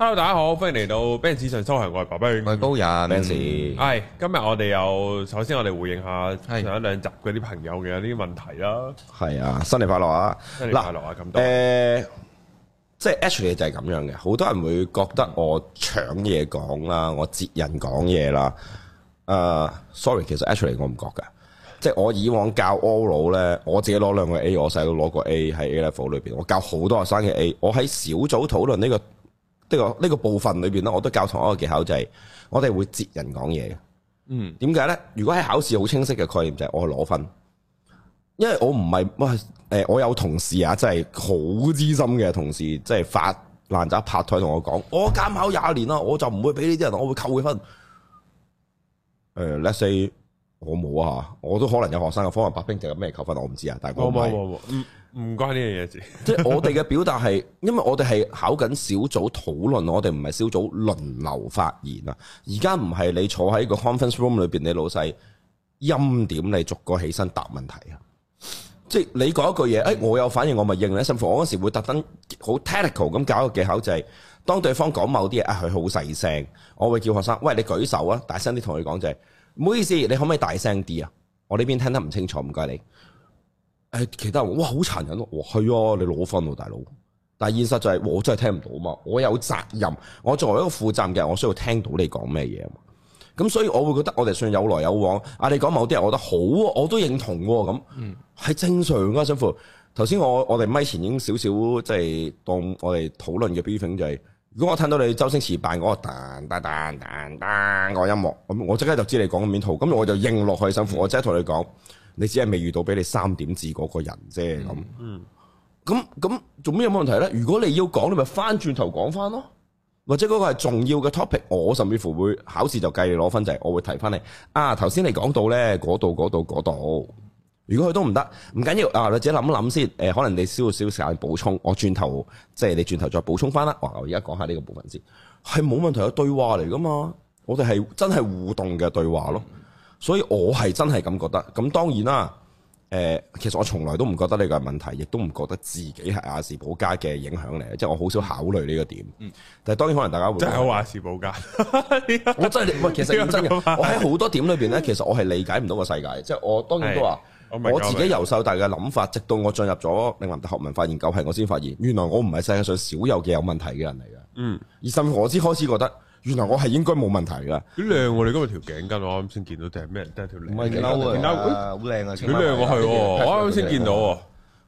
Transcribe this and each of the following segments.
hello，大家好，歡迎嚟到 Benz 上修行，我係外爸永外高人 Ben，係、嗯、今日我哋又，首先我哋回應下上一兩集嗰啲朋友嘅一啲問題啦，係啊，新年快樂啊，新年快樂啊咁啦多，誒、呃，即係 actually 就係咁樣嘅，好多人會覺得我搶嘢講啦，我截人講嘢啦，誒、呃、，sorry，其實 actually 我唔覺噶，即係我以往教 all 佬咧，all, 我自己攞兩個 A，我細佬攞個 A 喺 A level 裏邊，我教好多學生嘅 A，我喺小組討論呢個。即係呢個部分裏邊咧，我都教同一個技巧，就係我哋會截人講嘢嘅。嗯，點解咧？如果喺考試好清晰嘅概念就係我去攞分，因為我唔係，誒，我有同事啊，即係好資深嘅同事，即係發爛渣拍台同我講，我監考廿年啦，我就唔會俾呢啲人，我會扣佢分。誒，uh，Let's say 我冇啊，我都可能有學生嘅方文白兵定係咩扣分，我唔知啊，但係我唔係。哦哦哦哦。唔關呢樣嘢，即係我哋嘅表達係，因為我哋係考緊小組討論，我哋唔係小組輪流發言啊。而家唔係你坐喺個 conference room 裏邊，你老細欽點你逐個起身答問題啊。即係你講一句嘢，誒、哎，我有反應，我咪應咧。甚至乎我嗰時會特登好 technical 咁搞一個技巧，就係、是、當對方講某啲嘢，啊，佢好細聲，我會叫學生，喂，你舉手啊，大聲啲同佢講，就係、是、唔好意思，你可唔可以大聲啲啊？我呢邊聽得唔清楚，唔該你。誒，其他人話哇好殘忍咯，哇係、啊、你攞分喎大佬。但係現實就係、是、我真係聽唔到啊嘛，我有責任，我作為一個負責任嘅人，我需要聽到你講咩嘢啊嘛。咁所以我會覺得我哋算有來有往。啊，你講某啲人我覺得好、啊，我都認同咁、啊，係、嗯、正常啊。辛苦。頭先我我哋咪前已經少少即係當我哋討論嘅背景就係、是，如果我聽到你周星馳扮嗰個噔噔噔噔個音樂，咁我即刻就知你講緊面圖，咁我就應落去。辛苦。我即刻同你講。你只係未遇到俾你三點字嗰個人啫，咁、嗯，咁咁做咩有冇問題咧？如果你要講，你咪翻轉頭講翻咯，或者嗰個係重要嘅 topic，我甚至乎會考試就計你攞分，就係、是、我會提翻你啊，頭先你講到咧嗰度嗰度嗰度，如果佢都唔得，唔緊要啊，你自己諗一諗先，誒可能你消少少時間補充，我轉頭即係、就是、你轉頭再補充翻啦。哇！我而家講下呢個部分先，係冇問題嘅對話嚟噶嘛，我哋係真係互動嘅對話咯。嗯。所以我係真係咁覺得，咁當然啦。誒，其實我從來都唔覺得呢個問題，亦都唔覺得自己係亞氏保加嘅影響嚟，即係我好少考慮呢個點。嗯，但係當然可能大家會覺得，就係我話事保加。 我真係其實真嘅，我喺好多點裏邊咧，其實我係理解唔到個世界。即係 我當然都話，我，我自己由細大嘅諗法，直到我進入咗嶺南大學文化研究，係我先發現，原來我唔係世界上少有嘅有問題嘅人嚟嘅。嗯，而甚至我先開始覺得。原來我係應該冇問題㗎，好靚喎！你今日條頸巾我啱先見到，定係咩？都係條領。唔係領，領啊！好靚啊！好靚喎，係！我啱先見到，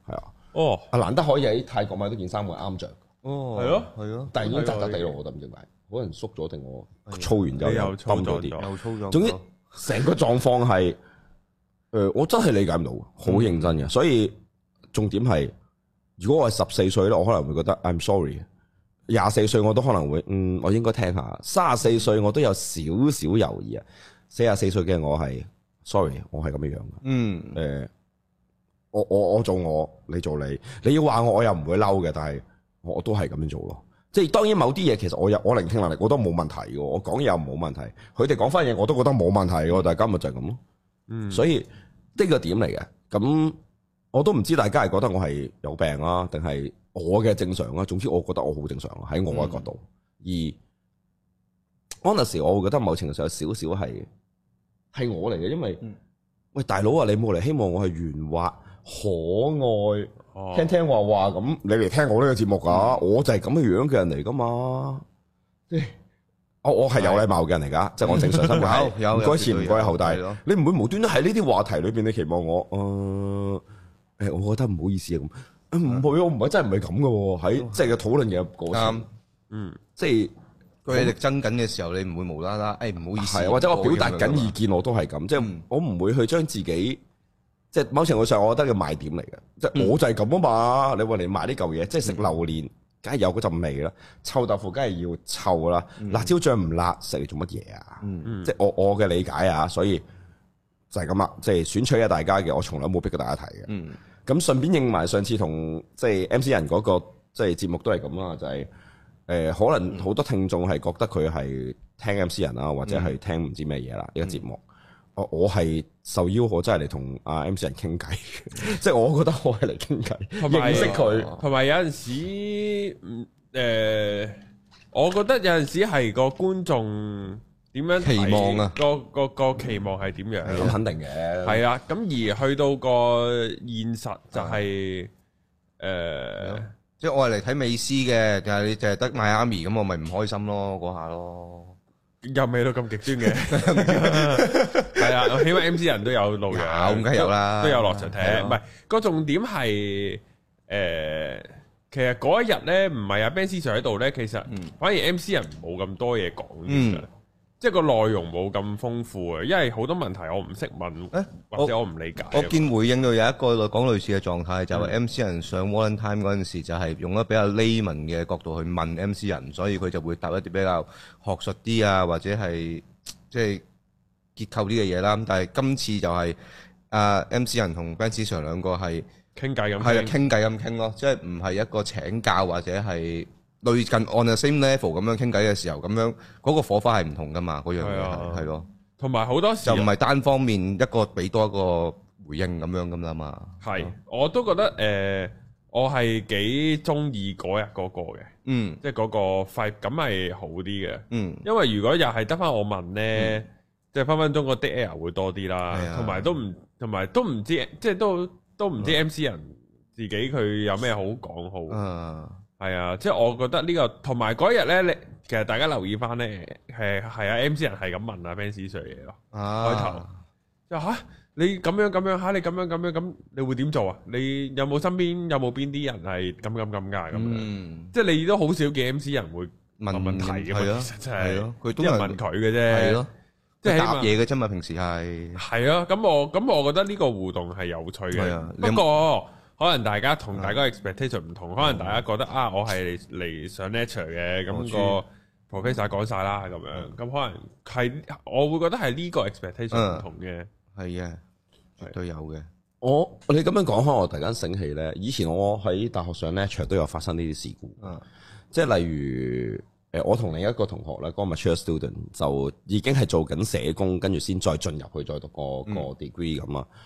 係啊。哦，阿難得可以喺泰國買到件衫，我啱着。哦，係咯，係咯。但係已經窄得地咯，我都唔認為，可能縮咗定我粗完之後又粗咗。有操咗。總之成個狀況係，誒，我真係理解唔到，好認真嘅。所以重點係，如果我係十四歲咧，我可能會覺得 I'm sorry。廿四歲我都可能會，嗯，我應該聽下。三十四歲我都有少少猶豫啊。四十四歲嘅我係，sorry，我係咁樣樣。嗯，誒、呃，我我我做我，你做你，你要話我，我又唔會嬲嘅，但係我都係咁樣做咯。即係當然某，某啲嘢其實我有我聆聽能力，我都冇問題嘅。我講嘢又冇問題，佢哋講翻嘢我都覺得冇問題嘅。但今日就係咁咯。嗯，所以呢個點嚟嘅？咁我都唔知大家係覺得我係有病啊，定係？我嘅正常啊，總之我覺得我好正常喺我嘅角度。而嗰陣時我會覺得某程度上有少少係係我嚟嘅，因為喂大佬啊，你冇嚟希望我係圓滑、可愛、聽聽話話咁，你嚟聽我呢個節目噶，我就係咁嘅樣嘅人嚟噶嘛。我我係有禮貌嘅人嚟噶，即係我正常生活嘅。有有，唔該，前唔該後帶。你唔會無端端喺呢啲話題裏邊，你期望我誒誒，我覺得唔好意思啊咁。唔會，我唔係真係唔係咁噶喎。喺即係個討論嘅過程，嗯，即係佢哋爭緊嘅時候，你唔會無啦啦。誒，唔好意思，或者我表達緊意見，我都係咁，即係、嗯、我唔會去將自己，即係某程度上，我覺得嘅賣點嚟嘅，即係我就係咁啊嘛。嗯、你話你賣呢嚿嘢，即係食榴蓮，梗係有嗰陣味啦。臭豆腐梗係要臭啦。嗯、辣椒醬唔辣，食嚟做乜嘢啊？即係、嗯嗯、我我嘅理解啊，所以就係咁啦。即係選取嘅大家嘅，我從來冇逼過大家睇嘅。嗯咁順便應埋上次同即係 MC 人嗰個即係節目都係咁啊，就係、是、誒、呃、可能好多聽眾係覺得佢係聽 MC 人啊，或者係聽唔知咩嘢啦，呢、嗯、個節目，嗯、我我係受邀我真係嚟同阿 MC 人傾偈，即係、嗯、 我覺得我係嚟傾偈認識佢他，同埋有陣時，誒、呃、我覺得有陣時係個觀眾。點樣期望啊？個個個期望係點樣？咁肯定嘅。係啊，咁而去到個現實就係誒，即係我係嚟睇美斯嘅，但係你淨係得邁阿密，咁我咪唔開心咯，嗰下咯。又未到咁極端嘅。係啊，起碼 MC 人都有露樣，咁梗係有啦，都有落場踢。唔係個重點係誒，其實嗰一日咧唔係阿 Benz 喺度咧，其實反而 MC 人冇咁多嘢講嘅。即係個內容冇咁豐富嘅，因為好多問題我唔識問，或者我唔理解。我見回應到有一個講類似嘅狀態，就係 MC 人上《One Time》嗰陣時，就係用咗比較 layman 嘅角度去問 MC 人，所以佢就會答一啲比較學術啲啊，或者係即係結構啲嘅嘢啦。但係今次就係啊，MC 人同 Benz Sir 兩個係傾偈咁，係傾偈咁傾咯，即係唔係一個請教或者係。類近按啊，same level 咁樣傾偈嘅時候，咁樣嗰個火花係唔同噶嘛？嗰樣嘢係咯，同埋好多時就唔係單方面一個俾多一個回應咁樣咁啦嘛。係是，啊、我都覺得誒、呃，我係幾中意嗰日嗰個嘅，嗯，即係嗰個快感係好啲嘅，嗯，因為如果又係得翻我問咧，即係分分鐘個 dead air 會多啲啦，同埋都唔同埋都唔知，即係都都唔知 MC 人自己佢有咩好講好。啊係啊，即係我覺得呢個同埋嗰一日咧，你其實大家留意翻咧，係係啊，MC 人係咁問啊，fans 嘢咯，開頭就吓你咁樣咁樣吓你咁樣咁樣咁，你會點做啊？你有冇身邊有冇邊啲人係咁咁咁噶？咁樣，即係你都好少見 MC 人會問問題嘅，係咯，佢都係問佢嘅啫，即係答嘢嘅啫嘛，平時係係啊，咁我咁我覺得呢個互動係有趣嘅，不過。可能大家同大家 expectation 唔同，的可能大家覺得、嗯、啊，我係嚟上 nature 嘅，咁、嗯、個 professor、嗯、講晒啦，咁樣，咁、嗯、可能係我會覺得係呢個 expectation 唔同嘅，係嘅、嗯，都有嘅。我你咁樣講開，我突然間醒起咧，以前我喺大學上 nature 都有發生呢啲事故，嗯、即係例如誒，我同另一個同學咧，嗰、嗰個 mature student 就已經係做緊社工，跟住先再進入去再讀個個 degree 咁啊、嗯。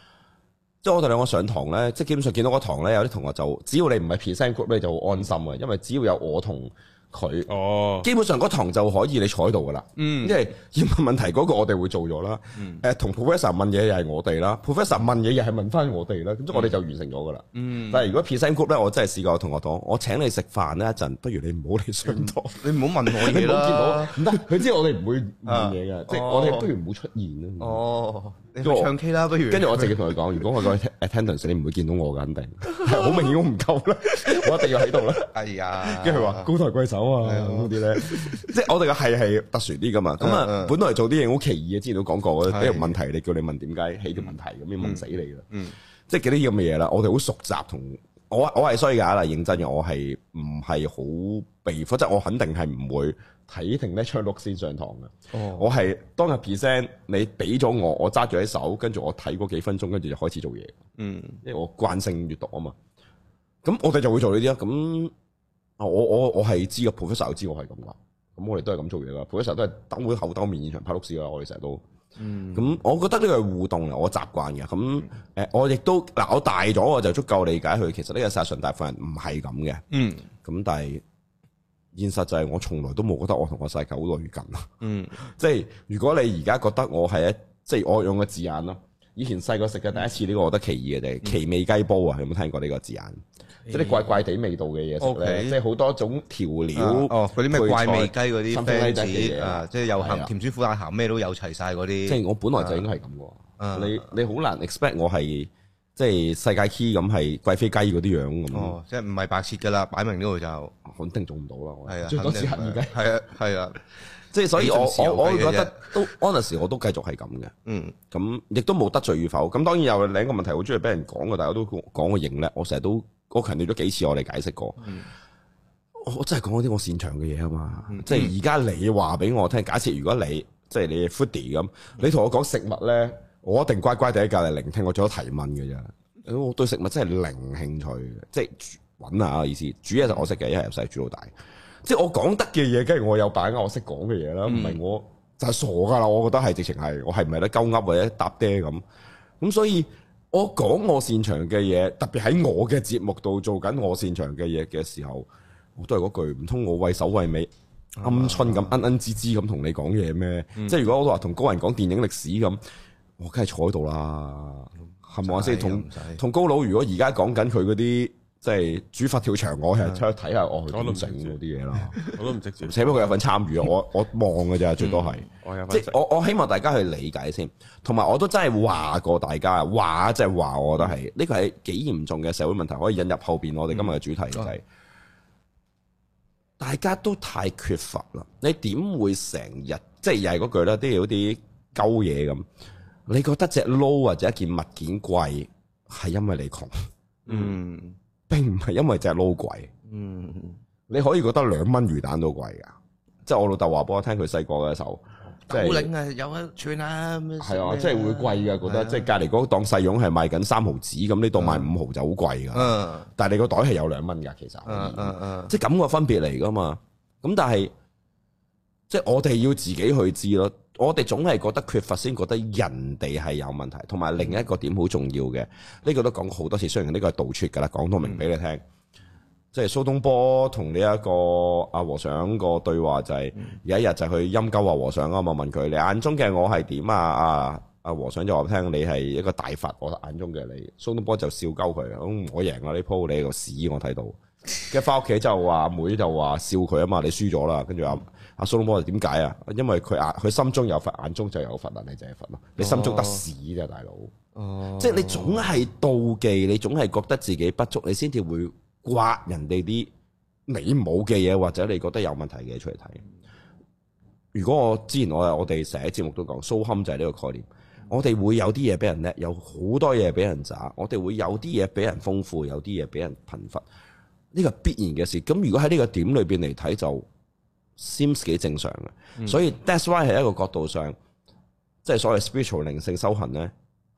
即係我哋兩個上堂咧，即係基本上見到嗰堂咧，有啲同學就，只要你唔係 present group 咧，就好安心嘅，因為只要有我同。佢，哦，基本上嗰堂就可以你坐喺度噶啦，嗯，因為要問問題嗰個我哋會做咗啦，誒，同 professor 問嘢又係我哋啦，professor 問嘢又係問翻我哋啦，咁即我哋就完成咗噶啦，嗯，但係如果 p sin group 咧，我真係試過同學講，我請你食飯咧一陣，不如你唔好嚟上堂，你唔好問我，你唔好見到，唔得，佢知我哋唔會問嘢噶，即係我哋不如唔好出現啦，哦，你唱 K 啦，不如，跟住我直接同佢講，如果我講 attendance，你唔會見到我噶，肯定，係好明顯我唔夠啦，我一定要喺度啦，哎呀，跟住佢話高抬貴手。係啊，啲咧，即係我哋嘅係係特殊啲噶嘛。咁啊，本來做啲嘢好奇異嘅，之前都講過嘅。比如是問題你叫你問點解起條問題咁、嗯、要問死你啦。嗯，即係幾啲咁嘅嘢啦。我哋好熟習、嗯、同我我係衰噶啦，認真嘅我係唔係好備課，即係我肯定係唔會睇停咧出碌先上堂噶。哦，我係當日 present 你俾咗我，我揸住喺手，跟住我睇嗰幾分鐘，跟住就開始做嘢。嗯，因為我慣性閱讀啊嘛。咁我哋就會做呢啲咯。咁。啊！我知我我係知嘅 professor 知我係咁噶，咁我哋都係咁做嘢啦 professor 都係等會後當面現場拍錄事啦，我哋成日都，咁、嗯、我覺得呢個係互動嘅，我習慣嘅，咁誒我亦都嗱我大咗我就足夠理解佢，其實呢個世界上大部分人唔係咁嘅，嗯，咁但係現實就係我從來都冇覺得我同我細狗好耐咁啊，嗯， 即係如果你而家覺得我係一即係我用個字眼咯。以前細個食嘅第一次呢個，我覺得奇異嘅啫。奇味雞煲啊，有冇聽過呢個字眼？即啲怪怪地味道嘅嘢食咧，即係好多種調料，嗰啲咩怪味雞嗰啲餅子啊，即係又鹹甜、主苦、帶鹹，咩都有齊晒嗰啲。即係我本來就應該係咁嘅。你你好難 expect 我係即係世界 key 咁係貴妃雞嗰啲樣咁。哦，即係唔係白切嘅啦，擺明呢個就肯定做唔到啦。係啊，最多試下而家。係啊，係啊。即係所以我我我覺得都 Honestly 我都繼續係咁嘅，嗯，咁亦都冇得罪與否。咁當然有另一個問題，好中意俾人講嘅，大家都講我認叻。我成日都我強調咗幾次，我哋解釋過，嗯、我真係講嗰啲我擅長嘅嘢啊嘛。嗯、即係而家你話俾我聽，假設如果你即係、就是、你 foodie 咁，你同我講食物咧，我一定乖乖地喺隔離聆聽，我最多提問嘅啫。我對食物真係零興趣，即係揾下意思，煮嘢就我識嘅，因為由細煮到大。即係我講得嘅嘢，跟住我有把握我，我識講嘅嘢啦，唔係我就係傻噶啦。我覺得係直情係，我係唔係得鳩噏或者搭爹咁。咁所以，我講我擅長嘅嘢，特別喺我嘅節目度做緊我擅長嘅嘢嘅時候，我都係嗰句，唔通我畏首畏尾，鵪鶉咁，恩恩滋滋咁同你講嘢咩？嗯、即係如果我都話同高人講電影歷史咁，我梗係坐喺度啦，係咪啊？即同同高佬，如果而家講緊佢嗰啲。即係煮佛跳墻，我係出去睇下我去度整嗰啲嘢啦。我都唔直接，只不過有份參與，就是，我我望嘅咋，最多係。即係我我希望大家去理解先，同埋我都真係話過大家啊，話即係話，就是，我覺得係呢個係幾嚴重嘅社會問題，可以引入後邊我哋今日嘅主題嚟，就是。嗯、大家都太缺乏啦，你點會成日即係又係嗰句啦，啲有啲鳩嘢咁，你覺得隻撈或者一件物件貴，係因為你窮，嗯。嗯並唔係因為隻撈貴，嗯，你可以覺得兩蚊魚蛋都貴噶，即係我老豆話俾我聽佢細個嘅時候，即係有一串啊，係啊，即係、啊、會貴噶，覺得、啊、即係隔籬嗰檔細樣係賣緊三毫子，咁呢度賣五毫就好貴噶，嗯、啊，但係你個袋係有兩蚊噶，其實，嗯嗯嗯，即係咁個分別嚟噶嘛，咁但係即係我哋要自己去知咯。我哋總係覺得缺乏，先覺得人哋係有問題，同埋另一個點好重要嘅，呢、這個都講過好多次。雖然呢個係杜撰噶啦，講到明俾你聽。嗯、即係蘇東坡同呢一個阿和尚個對話就係，有一日就去陰鳩話和尚啊嘛，嗯、問佢你眼中嘅我係點啊？阿、啊、阿、啊、和尚就話聽你係一個大佛，我眼中嘅你。蘇東坡就笑鳩佢，咁、嗯、我贏啦呢鋪，你個屎我睇到。跟住翻屋企就話妹，妹就話笑佢啊嘛，你輸咗啦，跟住阿。阿蘇老摩就點解啊？因為佢眼佢心中有佛，眼中就有佛啊！你就係佛咯，哦、你心中得屎啫，大佬。哦，即係你總係妒忌，你總係覺得自己不足，你先至會刮人哋啲你冇嘅嘢，或者你覺得有問題嘅嘢出嚟睇。如果我之前我我哋成日節目都講，蘇堪就係呢個概念。我哋會有啲嘢俾人叻，有好多嘢俾人渣。我哋會有啲嘢俾人豐富，有啲嘢俾人貧乏。呢個必然嘅事。咁如果喺呢個點裏邊嚟睇就。seems 幾正常嘅，所以 that's why 係一個角度上，即係所謂 spiritual 靈性修行咧，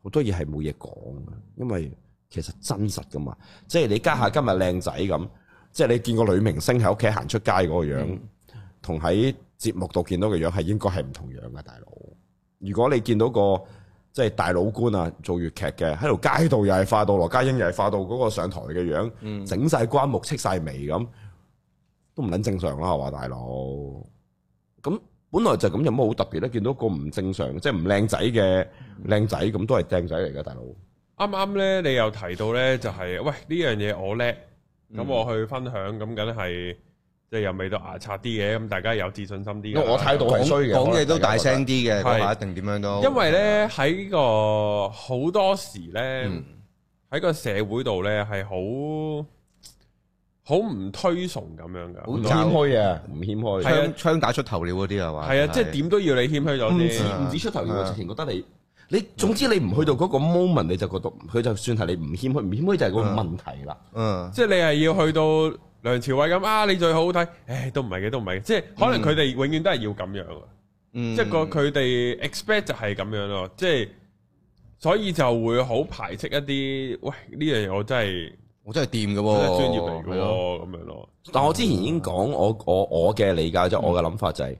好多嘢係冇嘢講嘅，因為其實真實噶嘛，即係你家下今日靚仔咁，嗯、即係你見個女明星喺屋企行出街嗰個樣，同喺節目度見到嘅樣係應該係唔同樣嘅大佬。如果你見到個即係、就是、大佬官啊，做粵劇嘅喺度，街度又係化到羅家英又係化到嗰個上台嘅樣，整晒瓜木、戚晒眉咁。都唔捻正常啦，係嘛，大佬？咁本來就咁有冇好特別咧？見到個唔正常，即係唔靚仔嘅靚仔，咁都係靚仔嚟噶，大佬。啱啱咧，你又提到咧，就係、是、喂呢樣嘢我叻，咁我去分享，咁梗係即係又味到牙刷啲嘅，咁大家有自信心啲。嗯、我態度係衰嘅，講嘢都大聲啲嘅，佢話一定點樣都。因為咧喺、嗯這個好多時咧喺個社會度咧係好。好唔推崇咁樣噶，好謙虛啊，唔謙虛，槍槍打出頭鳥嗰啲係嘛，係啊，即係點都要你謙虛咗，唔止唔止出頭鳥，直情覺得你你總之你唔去到嗰個 moment 你就覺得佢就算係你唔謙虛，唔謙虛就係個問題啦，嗯，即係你係要去到梁朝偉咁啊，你最好睇，唉，都唔係嘅，都唔係嘅，即係可能佢哋永遠都係要咁樣，嗯，即係個佢哋 expect 就係咁樣咯，即係所以就會好排斥一啲，喂呢樣嘢我真係。我真係掂噶喎，專業嚟噶咯，咁樣咯。啊啊、但我之前已經講我我我嘅理解，即我嘅諗法就係、是：嗯、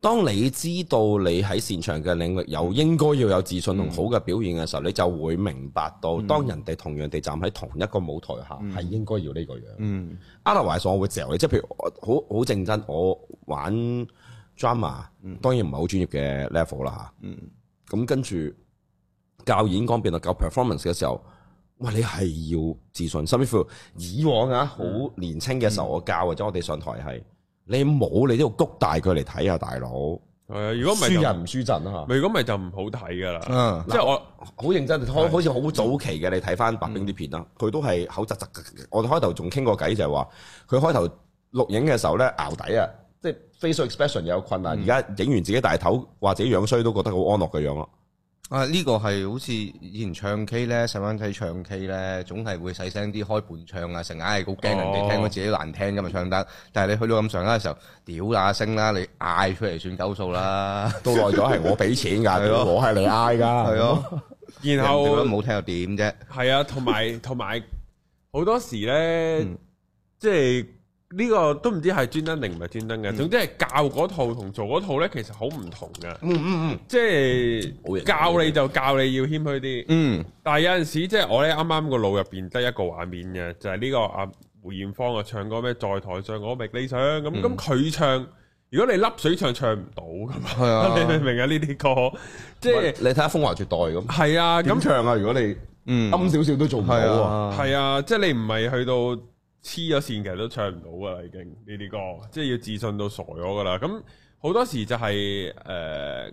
當你知道你喺擅長嘅領域又應該要有自信同好嘅表現嘅時候，嗯、你就會明白到，當人哋同樣地站喺同一個舞台下，係、嗯、應該要呢個樣。嗯，阿拉維所會成日即係譬如我好好正真，我玩 drama，當然唔係好專業嘅 level 啦。嗯，咁、嗯、跟住教演講變到教 performance 嘅時候。哇！你係要自信心。以往啊，好年輕嘅時候我教或者我哋上台係，你冇你都要谷大佢嚟睇下大佬。係，如果唔係就輸人唔輸陣啊。如果唔係就唔好睇噶啦。嗯，即係我好認真，是好好似好早期嘅你睇翻白兵啲片啦，佢、嗯、都係口窒窒。我哋開頭仲傾過偈就係話，佢開頭錄影嘅時候咧，淆底啊，即係 facial expression 有困難。而家影完自己大頭或者樣衰都覺得好安樂嘅樣咯。啊！呢、這個係好似以前唱 K 咧，細蚊仔唱 K 咧，總係會細聲啲開盤唱啊，成日係好驚人哋聽，哦、自己難聽㗎嘛，唱得。但係你去到咁上嘅時候，屌那、啊、聲啦，你嗌出嚟算鳩數啦。都耐咗係我俾錢噶， 哦、我係嚟嗌噶。係咯，然後唔好你聽又點啫？係啊，同埋同埋好多時咧， 嗯、即係。呢個都唔知係專登定唔係專登嘅，嗯、總之係教嗰套同做嗰套咧，其實好唔同嘅。嗯嗯嗯，即係教你就教你要謙虛啲。嗯，但係有陣時即係我咧啱啱個腦入邊得一個畫面嘅，就係、是、呢個阿胡艷芳啊唱歌咩，在台上我覓理想咁咁佢唱，如果你凹水唱唱唔到㗎嘛，你明唔明啊？呢啲歌即係你睇下《風華絕代》咁、嗯。係啊，咁唱啊，如果你嗯暗少少都做唔到啊。係啊，即係你唔係去到。黐咗線，其實都唱唔到噶啦，已經呢啲歌，即係要自信到傻咗噶啦。咁好多時就係誒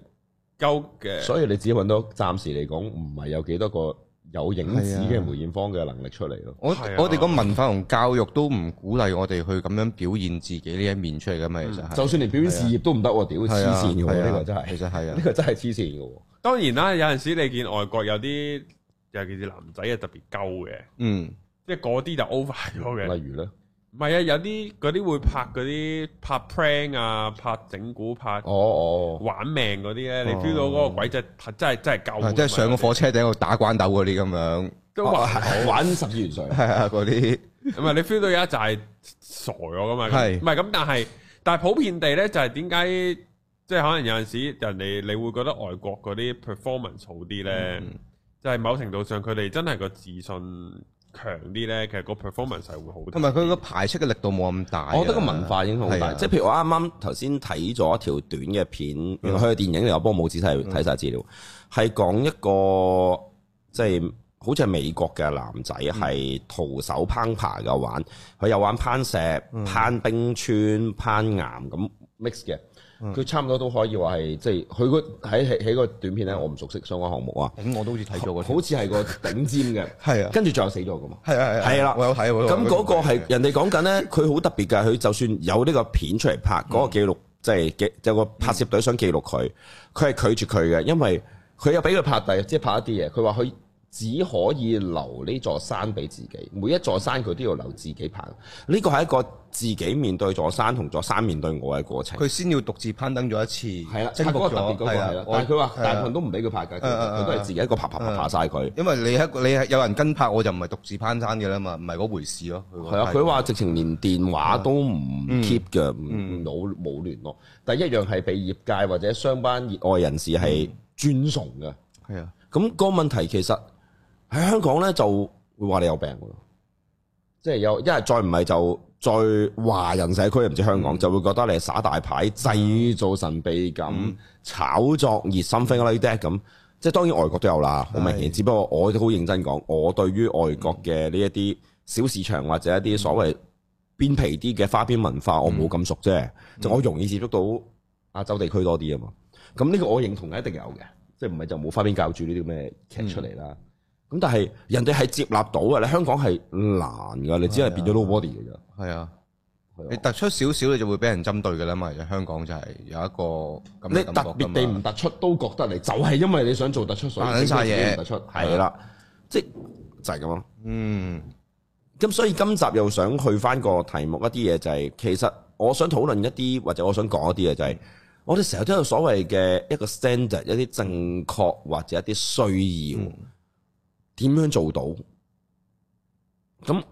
鳩嘅，呃、所以你自己揾到暫時嚟講，唔係有幾多個有影子嘅梅艷芳嘅能力出嚟咯、啊。我我哋個文化同教育都唔鼓勵我哋去咁樣表現自己呢一面出嚟噶嘛。其實，啊、就算連表演事業都唔得，屌黐線嘅喎，呢個真係、啊，其實係啊，呢個真係黐線嘅喎。當然啦，有陣時你見外國有啲尤其是男仔係特別鳩嘅，嗯。即係嗰啲就 over 咗嘅。例如咧，唔係啊，有啲嗰啲會拍嗰啲拍 prank 啊，拍整蠱拍哦哦玩命嗰啲咧，你 feel 到嗰個鬼仔真係真係真係舊，即係上個火車頂度打關鬥嗰啲咁樣，都話係玩十二元水，係啊嗰啲唔係你 feel 到而家就係傻咗噶嘛，係唔係咁？但係但係普遍地咧，就係點解即係可能有陣時人哋你會覺得外國嗰啲 performance 好啲咧，就係某程度上佢哋真係個自信。強啲咧，其實個 performance 係會好啲。同埋佢個排斥嘅力度冇咁大。我覺得個文化影響好大，啊啊、即係譬如我啱啱頭先睇咗一條短嘅片，原來佢係電影嚟，我幫冇仔細睇晒資料，係、嗯、講一個即係、就是、好似係美國嘅男仔，係、嗯、徒手攀爬嘅玩，佢又玩攀石、攀冰川、攀岩咁 mix 嘅。佢差唔多都可以話係，即係佢喺喺喺個短片咧，我唔熟悉相關項目啊。咁、嗯、好我都好似睇咗，好似係個頂尖嘅。係 啊，跟住仲有死咗噶嘛？係啊係啊，係啦、啊啊。我有睇，咁嗰個係、啊、人哋講緊咧，佢好特別㗎。佢就算有呢個片出嚟拍，嗰、嗯、個記錄即係嘅有個拍攝隊想記錄佢，佢係、嗯、拒絕佢嘅，因為佢又俾佢拍低，即、就、係、是、拍一啲嘢。佢話佢。只可以留呢座山俾自己，每一座山佢都要留自己拍。呢個係一個自己面對座山同座山面對我嘅過程。佢先要獨自攀登咗一次，係啦、啊，征服咗，係啦。我 但係佢話，但係佢都唔俾佢拍㗎，佢都係自己一個拍拍拍拍曬佢。因為你一你有人跟拍，我就唔係獨自攀山㗎啦嘛，唔係嗰回事咯。係啊，佢話直情連電話都唔 keep 嘅、嗯，冇冇聯絡。但係一樣係俾業界或者商班熱愛人士係尊崇㗎。係啊、嗯，咁、嗯嗯嗯、個問題其實。喺香港咧就會話你有病，即係因為再唔係就再華人社區唔知香港就會覺得你耍大牌、製造神秘感、嗯、炒作熱心 friend like that 咁。即係當然外國都有啦，好明顯。是只不過我都好認真講，我對於外國嘅呢一啲小市場、嗯、或者一啲所謂邊皮啲嘅花邊文化，我冇咁熟啫，嗯、就我容易接觸到亞洲地區多啲啊嘛。咁呢個我認同係一定有嘅，即係唔係就冇花邊教主呢啲咩劇出嚟啦。嗯嗯咁但係人哋係接納到嘅，你香港係難噶，啊、你只係變咗 Nobody 嘅啫。係啊，啊你突出少少，你就會俾人針對噶啦嘛。而家香港就係有一個咁嘅感覺。你特別地唔突出都覺得你，就係因為你想做突出，所以突出。係啦、啊，即係就係咁咯。嗯，咁所以今集又想去翻個題目一啲嘢、就是，就係其實我想討論一啲或者我想講一啲嘢、就是，就係我哋成日聽到所謂嘅一個 standard，一啲正確或者一啲需要。嗯點樣做到？咁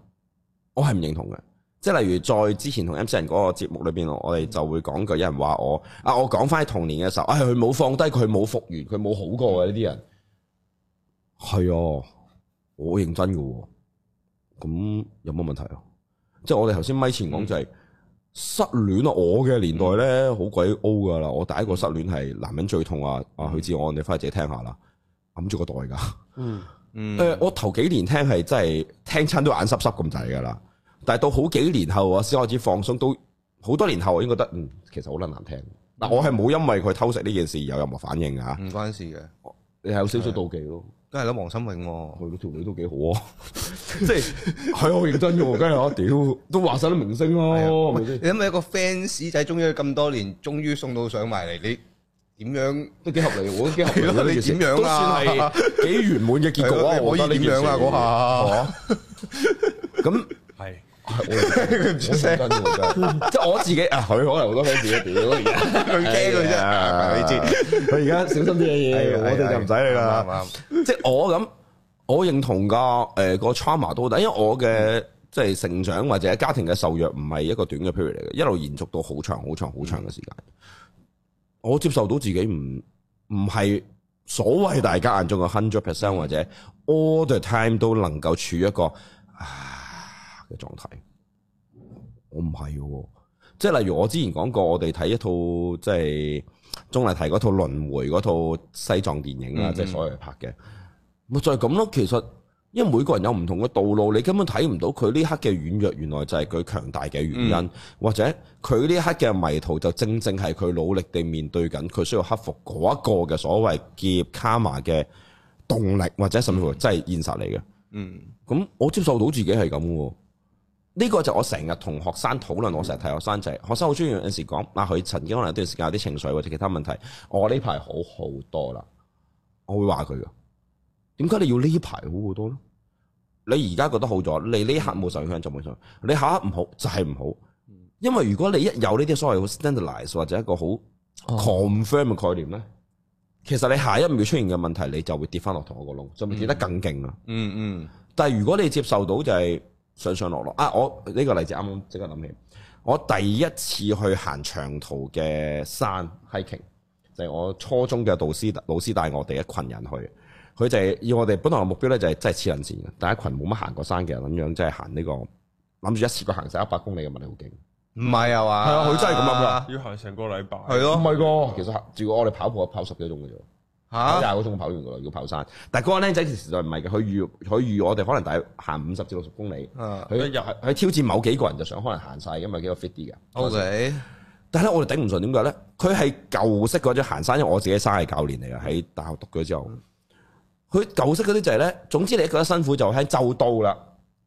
我係唔認同嘅，即係例如再之前同 M C 人嗰個節目裏邊，我哋就會講句，有人話我，我、哎、人啊，我講翻童年嘅時候，啊，佢冇放低，佢冇復原，佢冇好過嘅呢啲人，係啊，我認真嘅，咁有冇問題啊？即係我哋頭先咪前講就係失戀啊！我嘅年代咧好鬼 old 噶啦，我第一個失戀係男人最痛啊！啊，許志安，你翻去自己聽下啦，揞住個袋噶，嗯。 誒，嗯、我頭幾年聽係真係聽親都眼濕濕咁滯噶啦，但係到好幾年後我先開始放鬆，都好多年後我已經覺得，嗯，其實好撚難聽。但我係冇因為佢偷食呢件事有任何反應噶吓。唔關事嘅，你係有少少妒忌咯。都係咯，黃心穎，佢條女都幾好，即係係好認真嘅，跟住我屌都話晒啲明星咯，係咪因為一個 fans 仔終於咁多年，終於送到上埋嚟啲。你點樣都幾合理，我都幾合理。你點樣啊？算係幾圓滿嘅結局啊！我得你點樣啊？嗰下，咁係佢唔出聲，即係我自己啊！佢可能好多方面嘅嘢咯，而家佢驚佢真你知？佢而家小心啲嘅嘢，我哋就唔使你啦。即係我咁，我認同噶。誒，個 trauma 都得，因為我嘅即係成長或者家庭嘅受虐，唔係一個短嘅 period 嚟嘅，一路延續到好長、好長、好長嘅時間。我接受到自己唔唔係所謂大家眼中嘅 hundred percent 或者 all the time 都能夠處於一個啊嘅狀態，我唔係嘅，即係例如我之前講過，我哋睇一套即係鍾麗緹嗰套輪迴嗰套西藏電影啦，即係、嗯嗯、所謂拍嘅，咪就係咁咯，其實。因為每個人有唔同嘅道路，你根本睇唔到佢呢刻嘅軟弱，原來就係佢強大嘅原因，嗯、或者佢呢刻嘅迷途，就正正係佢努力地面對緊，佢需要克服嗰一個嘅所謂劫卡瑪嘅動力，或者甚至乎即係現實嚟嘅。嗯，咁我接受到自己係咁，呢、這個就我成日同學生討論，我成日睇學生仔。係，學生好中意有陣時講，嗱、啊、佢曾經可能有一段時間有啲情緒或者其他問題，我呢排好好多啦，我會話佢嘅。點解你要呢排好好多咯？你而家覺得好咗，你呢刻冇受影響就冇受影響。你下一刻唔好就係、是、唔好，因為如果你一有呢啲所謂好 standardize 或者一個好 confirm 嘅概念咧，哦、其實你下一秒出現嘅問題，你就會跌翻落同一個窿，甚至跌得更勁啊、嗯！嗯嗯。但係如果你接受到就係上上落落啊！我呢、這個例子啱啱即刻諗起，我第一次去行長途嘅山 hiking，就係我初中嘅導師老師帶我哋一群人去。佢就係、是、要我哋本來嘅目標咧，就係、是、真係黐人線嘅。大家羣冇乜行過山嘅人咁樣，即係行呢、這個諗住一次過行晒一百公里嘅問題好勁。唔係啊嘛，係啊，佢真係咁諗㗎，要行成個禮拜、啊。係咯的，唔係個。其實照我哋跑步跑，跑十幾鐘嘅啫，廿、啊、個鐘跑完噶啦。要跑山，但係嗰班靚仔其實就唔係嘅。佢預佢預，預我哋可能大約行五十至六十公里。佢又係佢挑戰某幾個人，就想可能行晒，咁咪幾多 fit 啲嘅。OK，但係咧我哋頂唔順點解咧？佢係舊式嗰啲行山，因為我自己生係教練嚟嘅，喺大學讀咗之後。嗯佢舊式嗰啲就係、是、咧，總之你覺得辛苦就喺就到啦，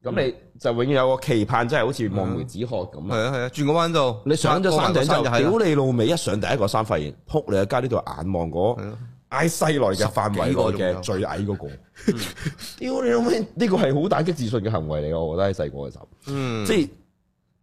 咁、嗯、你就永遠有個期盼，即、就、係、是、好似望梅止渴咁。係啊係啊，轉個彎度，你上咗山頂之後，屌你老味。一上第一個山發現，仆你一街呢度眼望嗰嗌細內嘅範圍內嘅最矮嗰、那個，屌你老味，呢、 這個係好打擊自信嘅行為嚟，我覺得喺細個嘅時候，嗯，即係。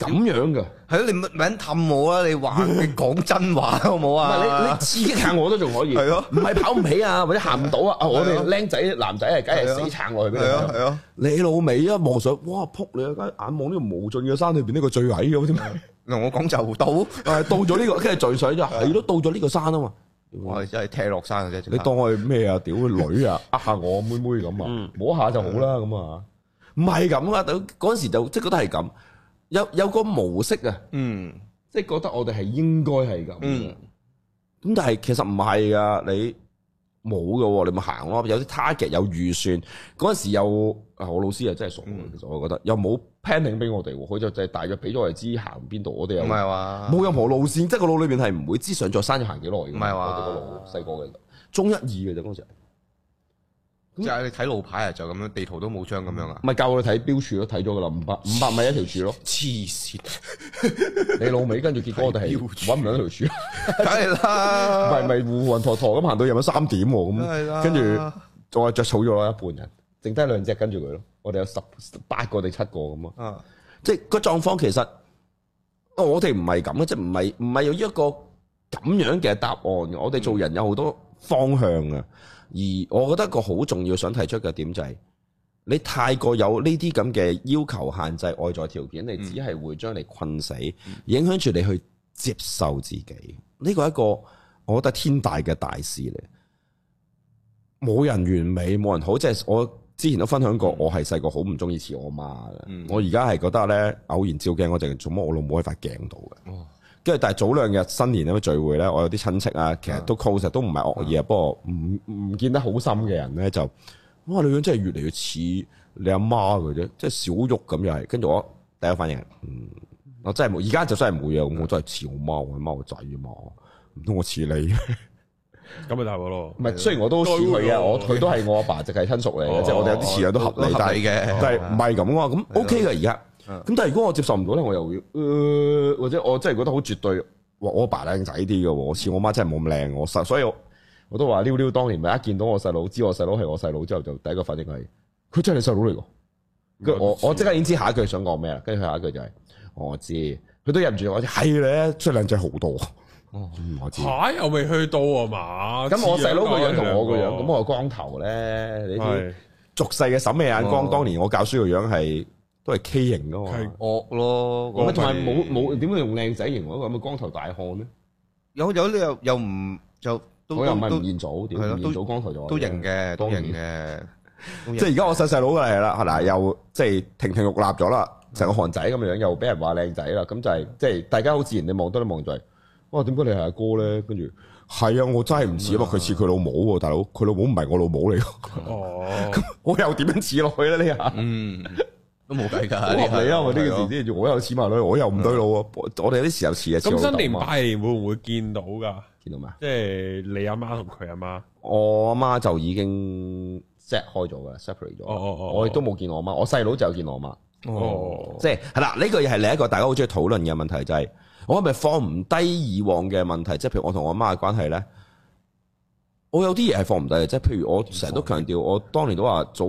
咁樣噶，係咯？你咪氹我啦，你話你講真話好冇啊？你刺激下我都仲可以，係咯？唔係跑唔起啊，或者行唔到啊？啊，我哋靚仔男仔啊，梗係死撐落去嘅。係啊，係啊！你老尾啊，望上哇，撲你啊！眼望呢個無盡嘅山裏邊呢個最矮嘅，好似咪嗱我講就到，誒，到咗呢個跟住墜水咗，係咯，到咗呢個山啊嘛，我係真係踢落山嘅啫。你當我係咩啊？屌個女啊，呃下我妹妹咁啊？摸下就好啦，咁啊？唔係咁啊？等嗰陣時就即係覺得係咁。有有個模式啊，嗯，即係覺得我哋係應該係咁，咁、嗯、但係其實唔係噶，你冇嘅喎，你咪行咯。有啲 target 有預算，嗰陣時有啊，我老師又真係傻嘅，嗯、其實我覺得又冇 planning 俾我哋喎，佢就就係大約俾咗我哋知行邊度，我哋又冇任何路線，即係個腦裏邊係唔會知上座山要行幾耐，我哋個路細個嘅，中一二嘅啫當時。就係你睇路牌啊，就咁樣，地圖都冇張咁樣啦。咪教我睇標柱都睇咗噶啦，五百五百米一條柱咯。黐線， 你老尾跟住結果我哋係搵唔到一條柱，梗係 啦。唔係唔係，胡雲陀陀咁行到入咗三點喎，咁跟住仲係着草咗啦，一半人，剩低兩隻跟住佢咯。我哋有十,十八個定七個咁啊，即係個狀況其實我哋唔係咁嘅，即係唔係唔係有一個咁樣嘅答案嘅。我哋做人有好多方向啊。而我覺得個好重要想提出嘅點就係，你太過有呢啲咁嘅要求限制外在條件，你只係會將你困死，影響住你去接受自己。呢個係一個我覺得天大嘅大事嚟。冇人完美，冇人好。即係我之前都分享過，我係細個好唔中意似我媽嘅。我而家係覺得咧，偶然照鏡，我就做乜我老母喺塊鏡度嘅。跟住，但係早兩日新年咁樣聚會咧，我有啲親戚啊，其實都 c a 實都唔係惡意啊，不過唔唔見得好深嘅人咧，就，哇個女樣真係越嚟越似你阿媽嘅啫，即係小玉咁又係。跟住我第一反應，嗯，我真係冇而家就真係冇嘢，我真係似我媽，我媽個仔嘛，唔通我似你？咁咪大我咯？唔係，雖然我都似佢嘅，我佢都係我阿爸，即係親屬嚟嘅，即係我哋有啲似樣都合理，但係嘅，但係唔係咁喎，咁 OK 嘅而家。咁但係如果我接受唔到咧，我又會、呃，或者我真係覺得好絕對，我阿爸靚仔啲嘅，似我媽真係冇咁靚。我實所以我，我都話溜溜當年咪一見到我細佬，知我細佬係我細佬之後，就第一個反應係佢真係你細佬嚟個。我我即刻已經知下一句想講咩啦，跟住佢下一句就係我知，佢都忍唔住我知係咧，出靚仔好多。我知吓、嗯啊、又未去到啊嘛，咁、嗯、我細佬個樣同我個樣，咁我光頭咧，你哋俗世嘅審美眼光，哦、當年我教書個樣係。都係 K 型噶嘛，惡咯，同埋冇冇點解用靚仔型？我話有冇光頭大漢咧？有有你又又唔就都又唔係吳彥祖，點吳彥祖光頭就都型嘅，都型嘅。即係而家我細細佬嘅嚟啦，嗱又即係亭亭玉立咗啦，成個韓仔咁樣，又俾人話靚仔啦。咁就係即係大家好自然，你望得都望就係，哇！點解你係阿哥咧？跟住係啊，我真係唔似啊，佢似佢老母大佬，佢老母唔係我老母嚟噶。哦，我又點樣似落去咧？呢下嗯。都冇計噶，係啊，我合理啊！我呢件事之前，我又黐埋女，我又唔對路啊！係啊，我哋有啲時候黐啊！咁新年拜年會唔會見到噶？見到咩？即係你阿媽同佢阿媽，我阿媽就已經 set 開咗噶，separate 咗。我亦都冇見我阿媽，我細佬就見我阿媽。哦，即係係啦，呢個又係另一個大家好中意討論嘅問題，就係我係咪放唔低以往嘅問題？即係譬如我同我阿媽嘅關係咧，我有啲嘢係放唔低嘅。即係譬如我成日都強調，我當年都話早。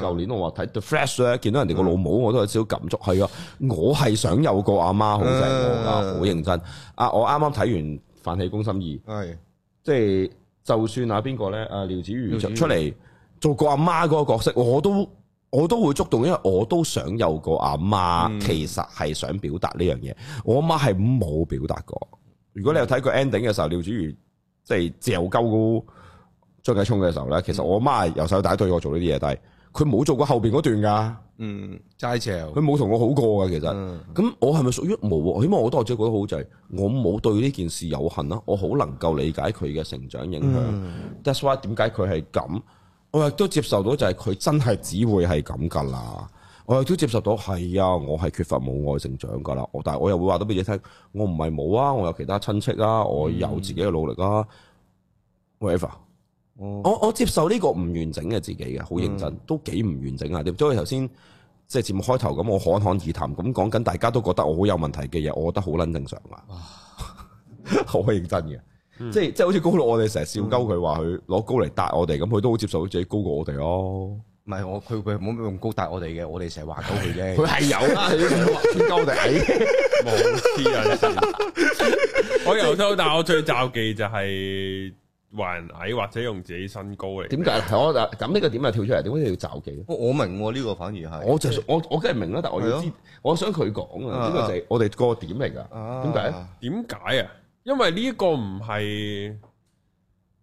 舊年我話睇 The Flash 咧，見到人哋個老母，嗯、我都有少少感觸。係啊，我係想有個阿媽好正噶，好、嗯、認真。啊，我啱啱睇完《飯氣攻心二》，係即係就算啊邊個咧，啊廖子妤出嚟做個阿媽嗰個角色，我都我都會觸動，因為我都想有個阿媽。其實係想表達呢樣嘢，嗯、我阿媽係冇表達過。如果你有睇佢 ending 嘅時候，廖子妤即係自由鳩張繼聰嘅時候咧，其實我阿媽由細到大對我做呢啲嘢，但係。佢冇做過後邊嗰段噶，嗯，齋嚼，佢冇同我好過噶，其實，咁、嗯、我係咪屬於無？起碼、啊、我都我自己覺得好就係，我冇對呢件事有恨啦，我好能夠理解佢嘅成長影響。嗯、That's why 點解佢係咁，我亦都接受到就係佢真係只會係咁噶啦，我亦都接受到係啊，我係缺乏母愛成長噶啦，但係我又會話到俾你聽，我唔係冇啊，我有其他親戚啊，我有自己嘅努力啊，喂，Eva、嗯。Whatever, 嗯、我我接受呢個唔完整嘅自己嘅，好認真，都幾唔完整啊！因為頭先即係節目開頭咁，我侃侃而談咁講緊，大家都覺得我好有問題嘅嘢，我覺得好撚正常噶，好 認真嘅、嗯，即係即係好似高佬，他他高我哋成日笑鳩佢話佢攞高嚟打我哋，咁佢都好接受自己高過我哋咯、啊。唔係我佢佢冇咁高打我哋嘅，我哋成日話鳩佢啫。佢係有啦，說說笑鳩我哋冇黐啊！打 我由頭到我最罩忌，忌就係、是。話人矮或者用自己身高嚟？點解？係我咁呢個點啊跳出嚟？點解你要找幾？我明呢個反而係。我就我我梗係明啦，但我要知，我想佢講啊，呢個就係我哋個點嚟噶？點解？點解啊？因為呢一個唔係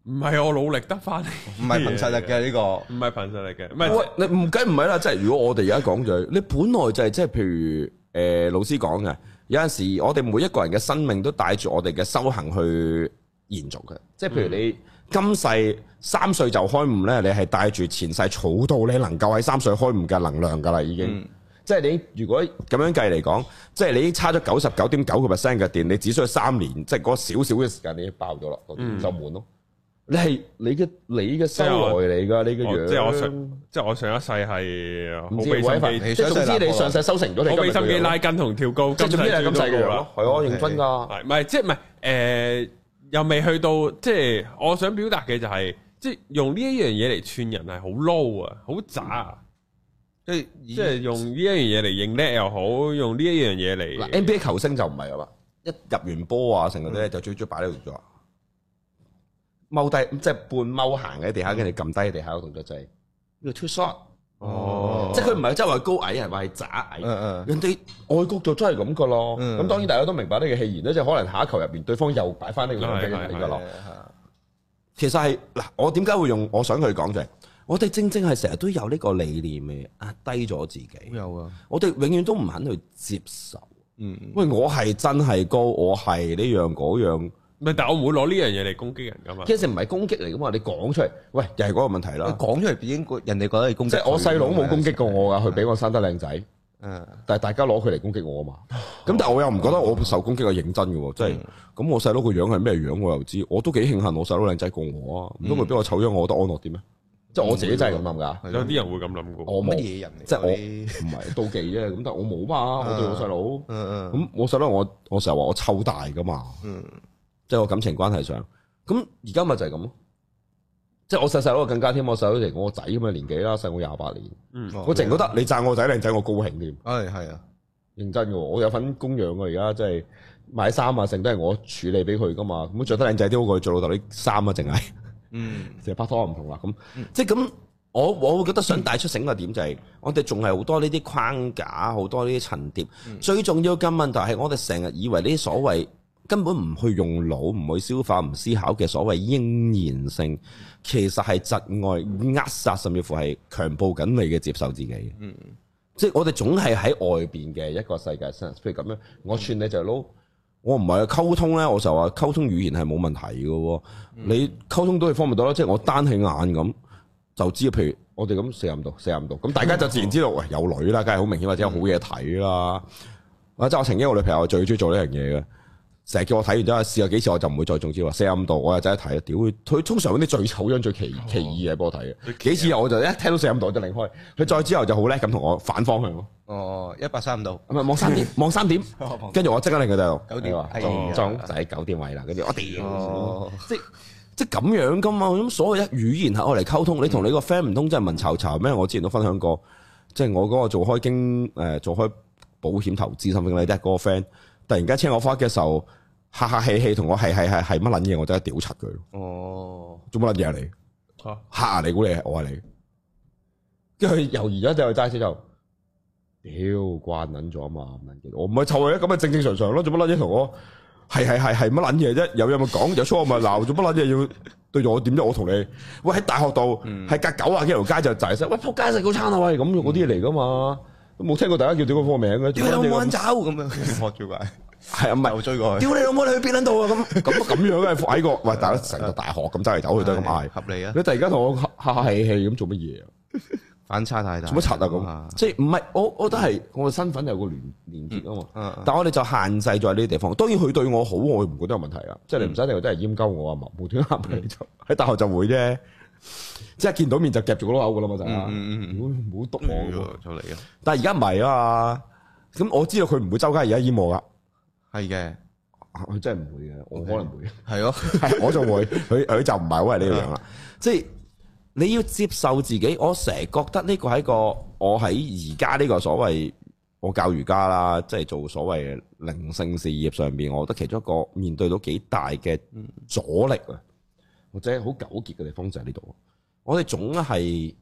唔係我努力得翻嚟，唔係憑實力嘅呢個，唔係憑實力嘅。唔你唔計唔係啦，即係如果我哋而家講咗，你本來就係即係譬如誒老師講嘅，有陣時我哋每一個人嘅生命都帶住我哋嘅修行去。延續嘅，即係譬如你今世三歲就開悟咧，你係帶住前世儲到你能夠喺三歲開悟嘅能量噶啦，已經。嗯、即係你如果咁樣計嚟講，即係你已經差咗九十九點九個 percent 嘅電，你只需要三年，即係嗰少少嘅時間，你已經爆咗啦，就滿咯、嗯。你係你嘅你嘅身外嚟噶，你嘅樣。即係我上即係我上一世係冇背心，即係總之你上世收成咗，我背心機拉筋同跳高，跟住咩係咁細個係哦，認真噶，唔係、嗯、對即係唔係誒。又未去到，即係我想表達嘅就係，即係用呢一樣嘢嚟串人係好 low 啊，好渣啊！即係即係用呢一樣嘢嚟認叻又好，用呢一樣嘢嚟 NBA 球星就唔係嘛。一入完波啊，成日咧就最中意擺呢度做，啊。踎低即係半踎行嘅喺地下，跟住撳低喺地下個動作就係 too short。哦，即係佢唔係真係話高矮，係話係窄矮。嗯嗯、人哋外國就真係咁噶咯。咁、嗯、當然，大家都明白呢個戲言咧，即係可能下一球入邊，對方又擺翻呢樣嘅呢個咯。嗯嗯、其實係嗱，我點解會用我去？我想佢講就係，我哋正正係成日都有呢個理念嘅，壓低咗自己。有啊、嗯，我哋永遠都唔肯去接受。嗯嗯，喂，我係真係高，我係呢樣嗰樣。但係我唔會攞呢樣嘢嚟攻擊人噶嘛。其實唔係攻擊嚟噶嘛，你講出嚟，喂，又係嗰個問題啦。講出嚟已經人哋覺得你攻擊。即係我細佬冇攻擊過我㗎，佢俾我生得靚仔。嗯，但係大家攞佢嚟攻擊我啊嘛。咁但係我又唔覺得我受攻擊係認真㗎喎，即係咁我細佬個樣係咩樣我又知，我都幾慶幸我細佬靚仔過我啊。唔通佢俾我醜咗我得安樂啲咩？即係我自己真係咁諗㗎。有啲人會咁諗㗎。我乜嘢人嚟？即係我唔係妒忌啫。咁但係我冇嘛。我對我細佬，嗯咁我細佬，我我成日話我湊大㗎嘛。即係我感情關係上，咁而家咪就係咁咯。即係我細細佬更加添，我細佬嚟我個仔咁嘅年紀啦，細我廿八年。嗯，哦、我淨覺得麼你讚我仔靚仔，我高興添。係係、哎、啊，認真嘅。我有份供養嘅而家，即係、就是、買衫啊，剩都係我處理俾佢噶嘛。咁着得靚仔啲，好過着老豆啲衫啊，淨係。嗯，成日拍拖唔同啦。咁即係咁，我我會覺得想帶出醒嘅點就係、是，嗯、我哋仲係好多呢啲框架，好多呢啲層疊。嗯、最重要嘅問題係，我哋成日以為呢啲所謂。根本唔去用腦，唔去消化，唔思考嘅所謂應然性，其實係窒外扼殺，甚至乎係強暴緊你嘅接受自己。嗯，即係我哋總係喺外邊嘅一個世界 s 譬如咁樣，我串你就撈，我唔係去溝通咧，我就話溝通語言係冇問題嘅。喎，你溝通都係方便到啦，即係我單起眼咁就知。譬如我哋咁四十五度，四十五度，咁大家就自然知道，喂、嗯哎，有女啦，梗係好明顯或者有好嘢睇啦。我曾情願我女朋友最中意做呢樣嘢嘅。成日叫我睇完咗，試過幾次我就唔會再中招。話四十五度，我又走去睇。屌佢，通常嗰啲最醜樣最奇奇異嘅俾我睇嘅。幾次我就一聽到四十五度我就離開。佢、嗯、再之後就好叻咁同我反方向咯。哦，一百三度，望三點，望 三點，跟住 我即刻令佢度。九點啊，裝吧、哎、呀就喺、是、九點位啦。跟住我屌，即即咁樣㗎嘛。咁所謂一語言係愛嚟溝通，嗯、你同你個 friend 唔通真係文嘈嘈咩？我之前都分享過，即係我嗰個做開經誒做開保險投資什麼咧，得個 friend 突然間車我翻嘅時候。客客氣氣同我係係係係乜捻嘢？我真係屌柒佢。哦，做乜捻嘢啊你？吓你估你，我係你。跟住猶豫咗就去揸車就屌慣捻咗啊嘛！我唔係臭啊，咁咪正正常常咯。做乜捻嘢？同我係係係係乜捻嘢啫？有有咪講有錯咪鬧？做乜捻嘢要對住我點啫？我同你喂喺大學度係隔九廿幾條街就就食喂扑街食早餐啊喂咁嗰啲嘢嚟噶嘛？都冇、欸、聽過大家叫對方、嗰個、名嘅。你兩灣州咁樣我叫佢。 係啊，唔係我追過去，屌你老母，你去邊捻度啊？咁咁咁樣嘅反過，喂，大家成個大學咁走嚟走去都係咁嗌，合理啊！你突然間同我客客氣氣咁做乜嘢啊？反差太大，做乜柒啊？咁即係唔係？我我覺得係我嘅身份有個連連接啊嘛，但我哋就限制在呢啲地方。當然佢對我好，我唔覺得有問題啊。即係唔使你真係閹鳩我啊嘛，無端合嚟喺大學就會啫。即係見到面就夾住個口噶啦嘛，就唔唔唔唔好督我，就嚟啊！但係而家唔係啊嘛，咁我知道佢唔會周街而家閹我噶。係嘅，佢真係唔會嘅，Okay. 我可能會係咯的，我會 就會佢佢就唔係好係呢樣啦。即係你要接受自己，我成日覺得呢個係一個我喺而家呢個所謂我教瑜伽啦，即係做所謂嘅靈性事業上邊，我覺得其中一個面對到幾大嘅阻力啊，或者好糾結嘅地方就喺呢度，我哋總係。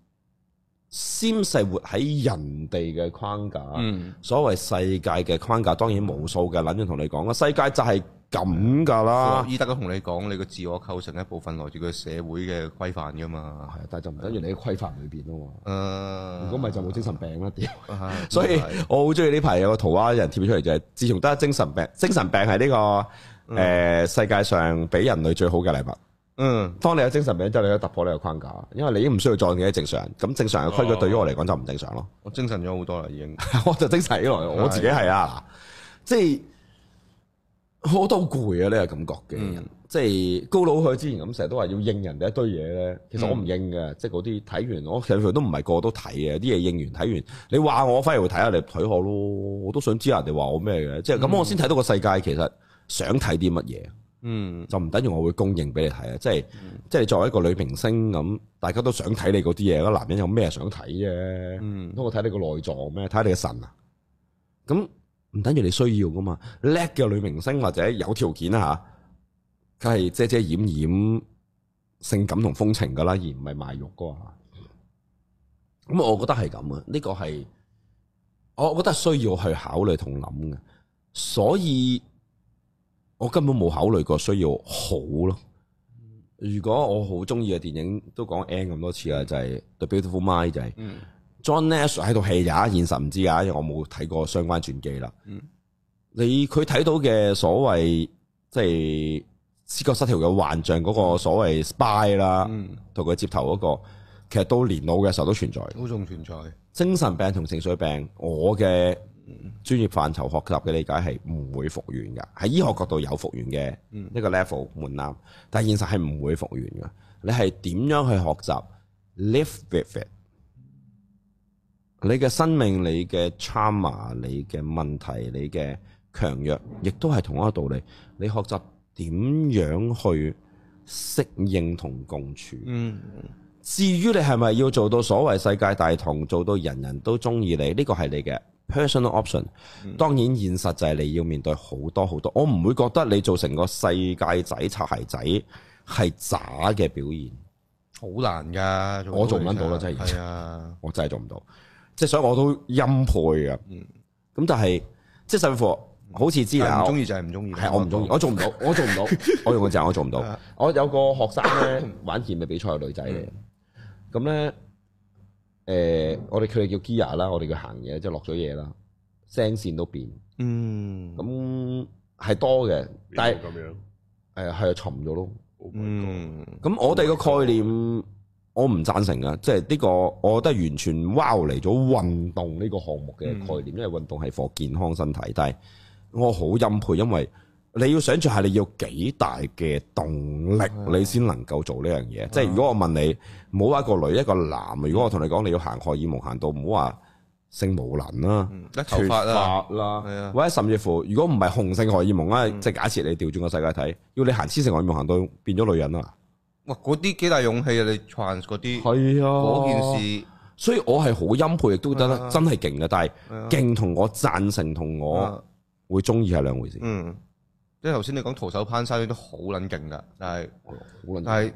先世活喺人哋嘅框架，嗯、所謂世界嘅框架，當然無數嘅，諗住同你講啊。世界就係噉㗎啦。依德咁同你講，你個自我構成一部分來自佢社會嘅規範噶嘛。係，但係就唔等於你嘅規範裏邊咯嘛。如果唔係就冇精神病啦屌。所以我好中意呢排有個圖有人貼出嚟就係，自從得精神病，精神病係呢、呢個誒、嗯、世界上俾人類最好嘅禮物。嗯，當你有精神病，之後你喺突破呢個框架，因為你已經唔需要再嘅正常人。咁正常嘅規矩對於我嚟講就唔正常咯，哦。我精神咗好多啦，已經，我就精神咗，的我自己係啊，即係我都好攰啊呢，這個感覺嘅，嗯、即係高佬去之前咁成日都話要應人哋一堆嘢咧，其實我唔應嘅，嗯、即係嗰啲睇完，我其實都唔係個個都睇嘅，啲嘢應完睇完，你話我反而會睇下你睇我咯，我都想知人哋話我咩嘅，即係咁我先睇到個世界其實想睇啲乜嘢。嗯。嗯，就唔等於我會供應俾你睇啊！即係，嗯、即係作為一個女明星咁，大家都想睇你嗰啲嘢，嗰男人有咩想睇啫？嗯，通過睇你個內臟咩？睇下你嘅神啊！咁唔等於你需要噶嘛？叻嘅女明星或者有條件啦吓，佢、啊、係遮遮掩掩性感同風情噶啦，而唔係賣肉噶。咁我覺得係咁嘅，呢個係，我覺得，這個、我覺得需要去考慮同諗嘅，所以。我根本冇考慮過需要好咯。如果我好中意嘅電影都講 N 咁多次啦，就係、是《The Beautiful Mind 就、嗯》就係 John Nash 喺度戲呀，現實唔知呀，因為我冇睇過相關傳記啦。嗯、你佢睇到嘅所謂即係思覺失調嘅幻象嗰個所謂 spy 啦、嗯，同佢接頭嗰、那個，其實都年老嘅時候都存在。都仲存在精神病同情緒病，我嘅。專業範疇學習嘅理解係唔會復原噶。喺醫學角度有復原嘅呢個 level 門檻，但係現實係唔會復原噶。你係點樣去學習 live with it？你嘅生命、你嘅 trauma、你嘅問題、你嘅強弱，亦都係同一個道理。你學習點樣去適應同共處？嗯、至於你係咪要做到所謂世界大同，做到人人都中意你？呢、這個係你嘅。personal option，當然現實就係你要面對好多好多。我唔會覺得你做成個世界仔擦鞋仔係渣嘅表現，好難㗎。做我做唔到啦，真係係是啊！我真係做唔到，即係所以我都欽佩啊。咁但係即係信乎，好似知啊？中意就係唔中意，係我唔中意，我做唔到， 到，我做唔到，我用嘅就係我做唔到。我有個學生咧 玩劍嘅比賽女，女仔嚟，咁咧。誒、呃，我哋佢哋叫 gear 啦，我哋叫行嘢，即係落咗嘢啦，聲線都變，嗯，咁係、嗯、多嘅，但係誒係沉咗咯，嗯，咁、嗯、我哋個概念我唔贊成噶，即係呢、呢個我覺得完全彎嚟咗運動呢個項目嘅概念，嗯、因為運動係 for 健康身體，但係我好欽佩，因為。你要想象下，你要幾大嘅動力，你先能夠做呢樣嘢。的即係如果我問你，唔好話一個女一個男。如果我同你講，你要行荷爾蒙行到，唔好話性無能啦、啊、嗯、甩頭髮啦，髮啦或者甚至乎，如果唔係雄性荷爾蒙咧，的即係假設你調轉個世界睇，要你行雌性荷爾蒙行到變咗女人啊？哇！嗰啲幾大勇氣啊！你 trans 嗰啲係啊，嗰的件事，所以我係好欽佩亦都得，真係勁嘅。但係勁同我贊成同我會中意係兩回事。嗯的。即係頭先你講徒手攀山都好撚勁㗎，但係但係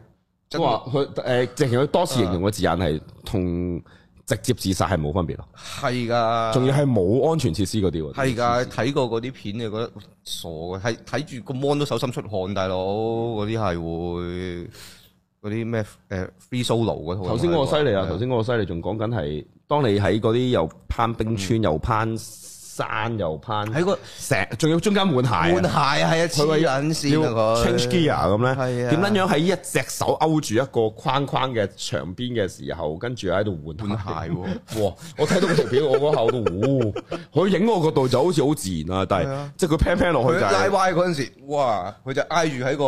佢話佢誒，之前佢多次形容個字眼係同、呃、直接自殺係冇分別咯。係㗎的，仲要係冇安全設施嗰啲喎。係㗎的，睇施過嗰啲片，你覺得傻嘅，係睇住個 mon 都手心出汗，大佬嗰啲係會嗰啲咩誒 free solo 嗰套。頭先嗰個犀利啊，頭先嗰個犀利仲講緊係，當你喺嗰啲又攀冰川又攀。山又攀，喺個石仲要中間換鞋，換鞋，係啊，超癲事啊！佢 change gear 咁咧，點撚樣喺的一隻手勾住一個框框嘅牆邊嘅時候，跟住喺度換鞋喎，啊。哇！我睇到個圖片，我嗰下都，佢影我嗰度就好似好自然啦，但係的即係佢 peg peg 落去，就是。佢拉歪嗰陣時，哇！佢就挨住喺個，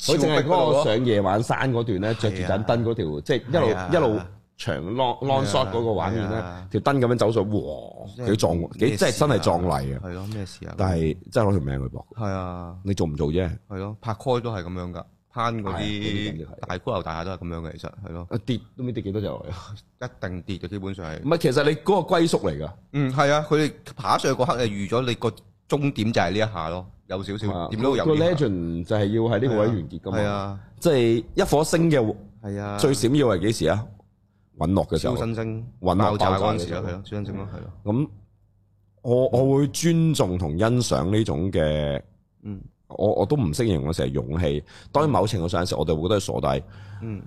佢淨係嗰個上夜晚山嗰段咧，着住的盞燈嗰條，即、就、係、是、一路一路。一長 long long shot 嗰個畫面咧，條燈咁樣走上去，哇！幾壯，幾真係真係壯麗嘅。係咯，咩事啊？但係真係攞條命去搏。係啊，你做唔做啫？係咯，拍開都係咁樣噶，攀嗰啲大骷頭大廈都係咁樣嘅，其實係咯。跌都未跌幾多隻落去？一定跌嘅，基本上係。唔係，其實你嗰個歸宿嚟㗎。嗯，係啊，佢哋爬上嗰刻就預咗你個終點就係呢一下咯，有少少點都有。個 legend 就係要喺呢個位完結㗎嘛。係啊，即係一顆星嘅，係啊，最閃耀係幾時啊？隕落嘅時候，超新星隕落爆炸嗰陣時咯，係咯，超新星咯，係咯。咁我我會尊重同欣賞呢種嘅，嗯，我我都唔適應我成日勇氣。當然某程度上嘅時候，我哋會覺得係傻，但係，嗯，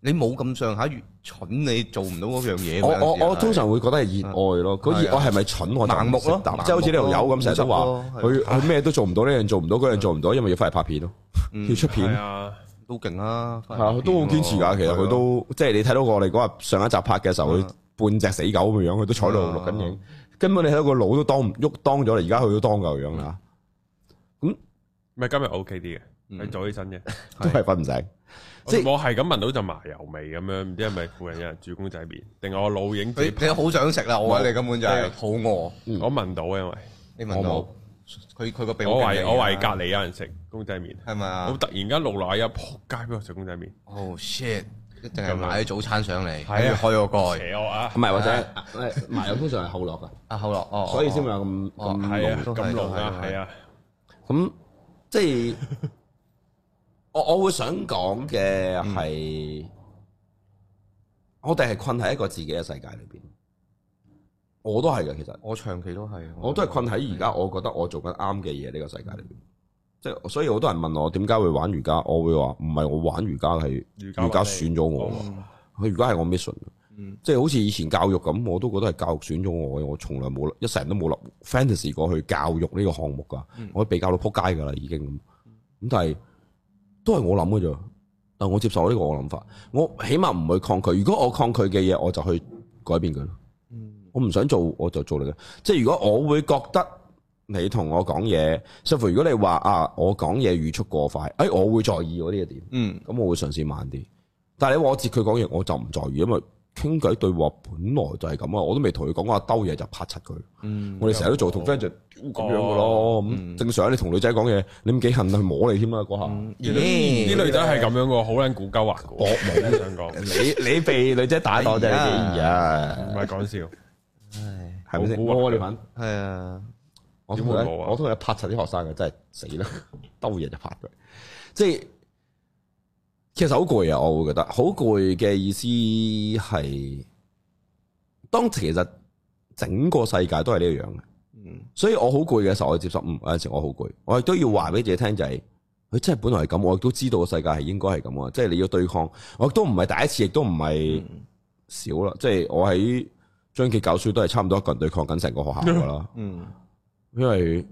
你冇咁上下越蠢，你做唔到嗰樣嘢。我我我通常會覺得係熱愛咯，嗰熱愛我係咪蠢？我盲目咯，即係好似你阿友咁成日都話，佢佢咩都做唔到呢樣，做唔到嗰樣，做唔到，因為要翻嚟拍片咯，要出片。都勁啦，係啊，佢都好堅持㗎。其實佢都即係你睇到我哋嗰日上一集拍嘅時候，佢半隻死狗咁樣，佢都坐度錄緊影。根本你睇到個腦都當唔喐，當咗啦。而家佢都當嚿樣啦。咁咪今日 O K 啲嘅，你早起身啫，都係瞓唔醒。即係我係咁聞到就麻油味咁樣，唔知係咪附近有人煮公仔麵。定係我腦影？你你好想食啦，我話你根本就係好餓。我聞到啊，因為我冇。佢佢個鼻我話我話隔籬有人食公仔麵係咪？好突然間露奶一仆街畀我食公仔麵？哦 shit！一定係買早餐上嚟，跟住開個蓋，邪啊！唔係或者誒，麻油通常係後落噶啊後落哦，所以先會有咁咁濃咁濃啊！係啊，咁即係我我會想講嘅係，我哋係困喺一個自己嘅世界裏邊。我都係嘅，其實我長期都係，我都係困喺而家。我覺得我做緊啱嘅嘢呢個世界裏邊，即係的所以好多人問我點解會玩瑜伽，我會話唔係我玩瑜伽，係瑜伽選咗我。佢瑜伽係我 mission、嗯、即係好似以前教育咁，我都覺得係教育選咗我。我從來冇一成都冇諗 fantasy 過去教育呢個項目噶，嗯、我被教到扑街噶啦已經咁。咁但係都係我諗嘅啫，但，我，但我接受呢個我諗法，我起碼唔會抗拒。如果我抗拒嘅嘢，我就去改變佢。我唔想做，我就做你嘅。即係如果我會覺得你同我講嘢，甚至乎如果你話啊，我講嘢語速過快，誒，我會在意我呢一點。嗯，咁我會嘗試慢啲。但係你話我接佢講嘢，我就唔在意，因為傾偈對話本來就係咁啊。我都未同佢講過阿兜嘢就拍柒佢。我哋成日都做同 friend 就咁樣嘅咯。咁正常，你同女仔講嘢，你唔幾恨去摸你添啊？嗰下，啲女仔係咁樣個，好捻古膠啊！我冇想講，你你被女仔打到真係唔係講笑。係，係咪先？我我哋係啊。我通常我通常拍晒啲學生嘅，真係死啦，兜嘢就拍佢。即係其實好攰啊，我會覺得好攰嘅意思係，當其實整個世界都係呢個樣嘅。嗯，所以我好攰嘅時候，我接受。嗯，有陣時我好攰，我亦都要話俾自己聽就係，佢真係本來係咁，我都知道個世界係應該係咁啊。即係你要對抗，我都唔係第一次，亦都唔係少啦。即係我喺。張傑教書都係差唔多一個人對抗緊成個學校噶啦， 嗯、因為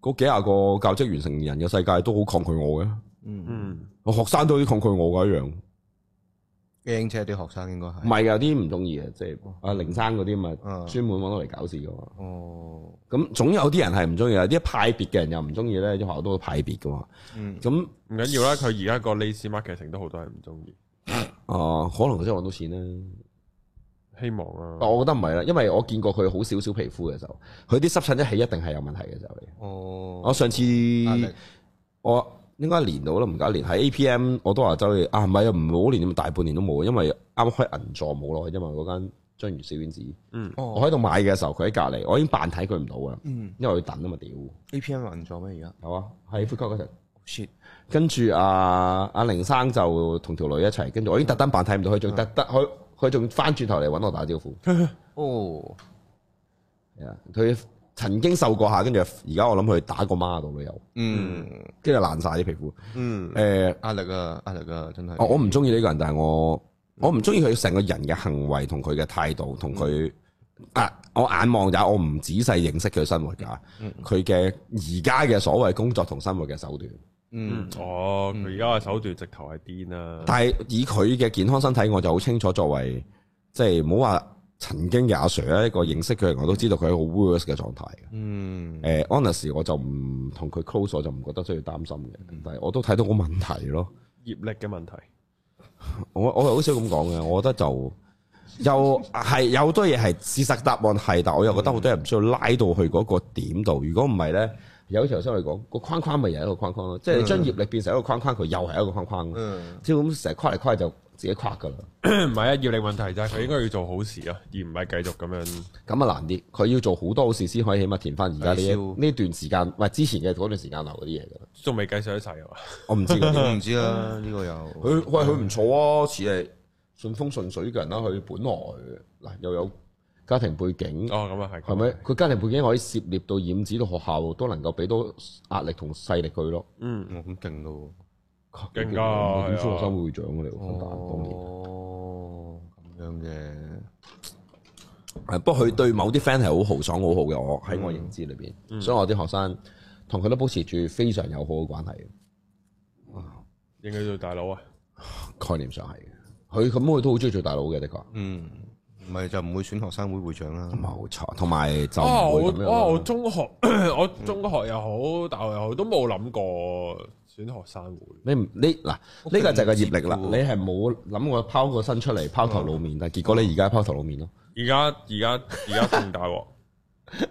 嗰幾廿個教職員成年人嘅世界都好抗拒我嘅，嗯嗯，我學生都好似抗拒我嘅一樣，驚啫啲學生應該係，唔係有啲唔中意啊，即係啊零生嗰啲咪專門揾我嚟搞事嘅，哦、嗯嗯，咁、嗯、總有啲人係唔中意，有啲派別嘅人又唔中意咧，啲學校都好派別嘅嘛，咁唔緊要啦，佢而家個 lease marketing 都好多係唔中意， 啊，可能佢真係揾到錢啦。希望啦，我覺得唔係啦，因為我見過佢好少少皮膚嘅時候，佢啲濕疹一起一定係有問題嘅時候。嚟。哦，我上次淚我應該一到啦，唔記得年喺 A P M 我都話周日啊，唔係啊，唔好年咁大半年都冇，因為啱開銀座冇咯，因為嗰間章魚小丸子。嗯，我喺度買嘅時候，佢喺隔離，我已經扮睇佢唔到啊。嗯，因為佢等啊嘛，屌、嗯。A P M 銀座咩而家？係啊，喺呼吸嗰陣。shit，、啊就是、跟住阿阿林生就同條女一齊，跟住我已經特登扮睇唔到佢，仲特特去。re fs" 啊 re fs 佢仲翻轉頭嚟搵我打招呼，哦，啊！佢曾經受過下，跟住而家我諗佢打過孖到都有，嗯，嗯，跟住爛晒啲皮膚，嗯，誒壓力啊，壓力啊，真係。我唔中意呢個人，但係我我唔中意佢成個人嘅行為同佢嘅態度同佢、嗯、啊！我眼望就我唔仔細認識佢生活㗎，佢嘅而家嘅所謂工作同生活嘅手段。嗯，哦，佢而家嘅手段直頭係癲啦。但係以佢嘅健康身體，我就好清楚。作為即係唔好話曾經嘅阿 Sir 咧，一個認識佢，我都知道佢係一個 worst 嘅狀態嘅。嗯，誒 a n 我就唔同佢 close，我就唔覺得需要擔心嘅。嗯、但係我都睇到個問題咯，業力嘅問題。 我我係好少咁講嘅，我覺得就又係有好多嘢係事實答案係，但我又覺得好多嘢唔需要拉到去嗰個點度。如果唔係咧。有時頭先佢講個框框咪又係一個框框咯，即係是你將業力變成一個框框，佢又係一個框框。嗯的，即係咁成日框嚟框去就自己框㗎啦。唔係啊，要你問題就係佢應該要做好事啊，而唔係繼續咁樣。咁啊難啲，佢要做好多好事先可以起碼填翻而家呢呢段時間，唔、哎、之前嘅嗰段時間留嗰啲嘢㗎啦。仲未計上一齊啊？我唔知，我唔知啦。呢個又佢喂佢唔錯啊，似係順風順水嘅人啦。佢本來嗱又有。家庭背景哦，咁啊係，係咪佢家庭背景可以涉獵到、染指到學校，都能夠俾多壓力同勢力佢咯？嗯，我咁勁咯，勁㗎！點出學生會長㗎你？哦，咁樣嘅？誒，不過佢對某啲 friend 係好豪爽、好好嘅，我喺我認知裏邊，所以我啲學生同佢都保持住非常友好嘅關係。哇！應該做大佬啊？概念上係佢咁佢都好中意做大佬嘅，的確。嗯。唔係就唔會選學生會會長啦，冇錯，同埋就哇、啊、我我，我中學 我中學又好，大學又好都冇諗過選學生會。你唔你嗱呢、啊、個就係個業力啦，嗯、你係冇諗過拋個身出嚟拋頭露面，但係、啊、結果你而家拋頭露面咯。而家而家而家仲大喎，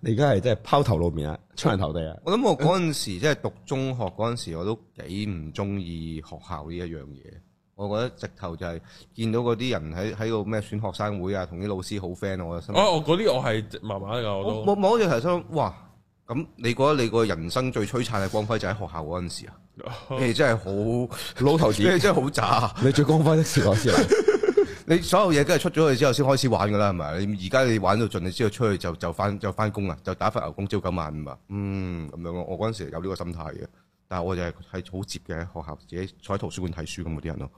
你而家係真係拋頭露面啊，出人頭地啊！我諗我嗰陣時即係 讀中學嗰陣時，我都幾唔中意學校呢一樣嘢。我覺得直頭就係見到嗰啲人喺喺度咩選學生會啊，同啲老師好 friend，我嘅心哦，嗰啲我係慢慢有。我冇冇冇嘢頭先，哇！咁你覺得你個人生最璀璨嘅光輝就喺學校嗰陣時啊？你真係好老頭子，哦、 你真係好渣！你最光輝嘅時光先， 你所有嘢都係出咗去之後先開始玩噶啦，係咪？你而家你玩到盡，你之後出去就就翻就翻工啦，就打份牛工，朝九晚五啊，嗯，咁樣咯，我嗰陣時有呢個心態嘅。但係我就係係好接嘅，喺學校自己坐喺圖書館睇書咁嗰啲人咯。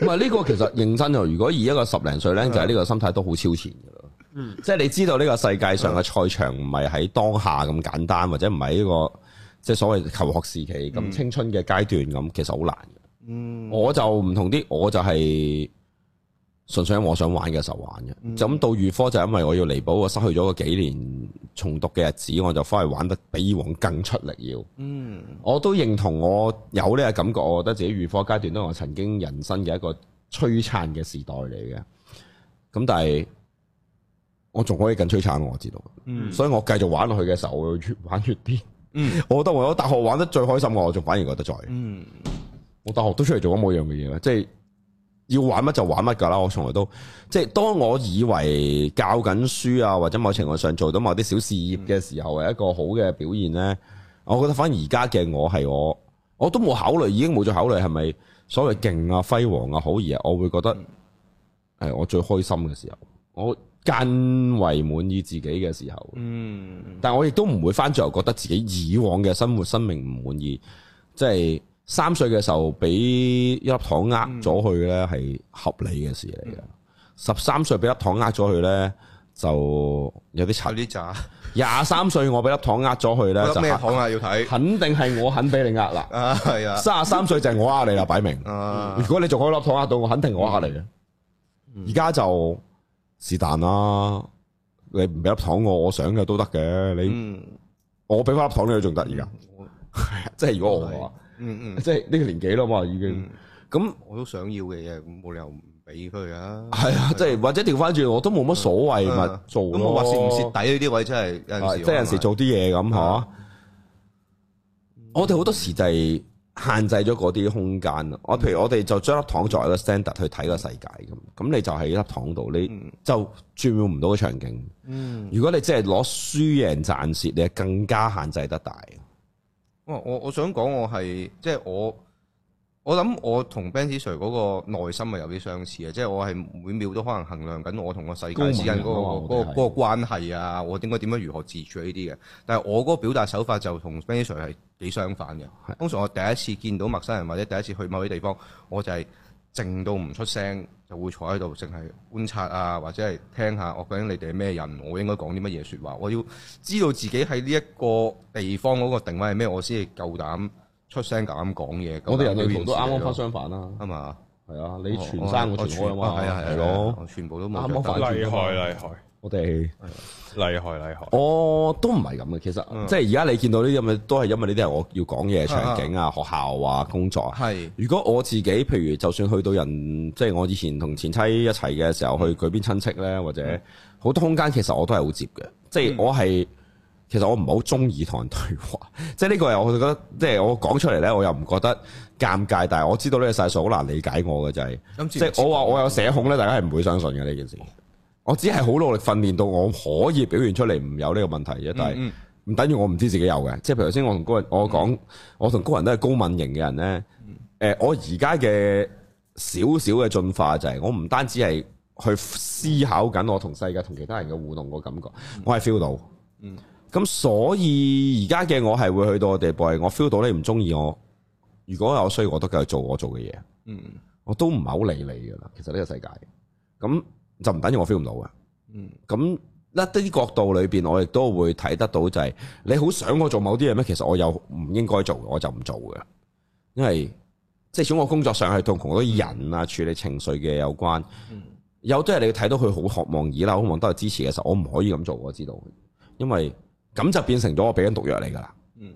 唔係呢個其實認真就，如果以一個十零歲咧， 就係呢個心態都好超前噶咯。嗯，即係你知道呢個世界上嘅賽場唔係喺當下咁簡單，或者唔係呢個即係、就是、所謂求學時期咁 青春嘅階段咁，其實好難嗯， 我就唔同啲，我就係。純粹因我想玩嘅時候玩嘅，嗯、就咁到預科就因為我要彌補我失去咗個幾年重讀嘅日子，我就翻去玩得比以往更出力要。嗯，我都認同我有呢個感覺，我覺得自己預科階段都係我曾經人生嘅一個璀璨嘅時代嚟嘅。咁但係我仲可以更璀璨，我知道。嗯，所以我繼續玩落去嘅時候，我越玩越癲。嗯， 我覺得我喺大學玩得最開心，我仲反而覺得在。嗯，我大學都出嚟做咗冇樣嘅嘢啦，即係。要玩乜就玩乜㗎啦！我從來都即係，當我以為教緊書啊，或者某程度上做到某啲小事業嘅時候，係一個好嘅表現呢。我覺得反而而家嘅我係我，我都冇考慮，已經冇再考慮係咪所謂勁啊、輝煌啊、好嘢。我會覺得係我最開心嘅時候，我更為滿意自己嘅時候。嗯，但我亦都唔會翻最後覺得自己以往嘅生活、生命唔滿意，即係。三歲嘅時候俾一粒糖呃咗佢咧，係合理嘅事嚟嘅。十三歲俾粒糖呃咗佢咧，就有啲慘。廿三歲我俾粒糖呃咗佢咧，就肯定係我肯俾你呃啦。啊，係啊。卅三歲就係我呃你啦，擺明。如果你仲可以粒糖呃到我，肯定我呃你嘅。而家就是但啦，你唔俾粒糖我，我想嘅都得嘅。你，我俾翻粒糖你，你仲得而家。即係如果我嗯嗯，即係呢個年紀啦嘛，已經咁我都想要嘅嘢，咁冇理由唔俾佢啊。係啊，即係或者調翻轉，我都冇乜所謂物做。我話蝕唔蝕底呢啲位，真係即係有陣時做啲嘢咁吓。我哋好多時就係限制咗嗰啲空間。我譬如我哋就將粒糖作為一個 standard 去睇個世界咁，咁你就喺一粒糖度，你就轉唔到個場景。如果你即係攞輸贏賺蝕，你更加限制得大。我我我想講，我係即係我，我諗我同 Benz Sir 嗰個內心係有啲相似嘅，即係我係每秒都可能衡量緊我同個世界之間嗰、嗰個嗰個嗰個關係啊，我應該點樣如何自處呢啲嘅。但係我嗰個表達手法就同 Benz Sir 係幾相反嘅。是通常我第一次見到陌生人、嗯、或者第一次去某啲地方，我就係、是。靜到唔出聲，就會坐喺度，淨係觀察啊，或者係聽下我講緊你哋係咩人，我應該講啲乜嘢説話。我要知道自己喺呢一個地方嗰個定位係咩，我先夠膽出聲、夠膽講嘢。我哋人哋同都啱啱反相反啦，啊，啱嘛吧？係啊，你全生全我全開，係啊係啊，全部都冇。厲害厲害！厲害。我哋厲害厲害，害我都唔係咁嘅。其實、嗯、即係而家你見到呢啲咁嘅，都係因為呢啲係我要講嘢場景啊，啊學校啊，工作啊。係是如果我自己，譬如就算去到人，即、就、係、是、我以前同前妻一齊嘅時候去佢邊親戚呢，或者好多空間、嗯，其實我都係好接嘅。即係我係，其實我唔係好中意同人對話。即係呢個係我覺得，即係我講出嚟呢，我又唔覺得尷尬。但係我知道呢個世數好難理解我嘅、嗯、就係，即係我話我有社恐呢，大家係唔會相信嘅呢件事。我只係好努力訓練到我可以表現出嚟，唔有呢個問題，但係唔等於我唔知自己有嘅。即係譬如頭先我同高人我講，我同高人都係高敏型嘅人咧。誒，我而家嘅少少嘅進化就係、是，我唔單止係去思考緊我同世界同其他人嘅互動個感覺，我係 feel 到。嗯，咁所以而家嘅我係會去到地步我 degree 我 feel 到你唔中意我。如果有需要，我都繼續做我做嘅嘢。嗯，我都唔係好理你噶啦。其實呢個世界咁。就唔等於我飛唔到嘅，咁呢啲角度裏邊，我亦都會睇得到、就是，就係你好想我做某啲嘢咩？其實我又唔應該做，我就唔做嘅，因為即係如果我工作上係同好多人啊、嗯、處理情緒嘅有關，嗯、有啲人你睇到佢好渴望、依賴、渴望都係支持嘅時候，我唔可以咁做，我知道，因為咁就變成咗我俾緊毒藥嚟噶啦。誒、嗯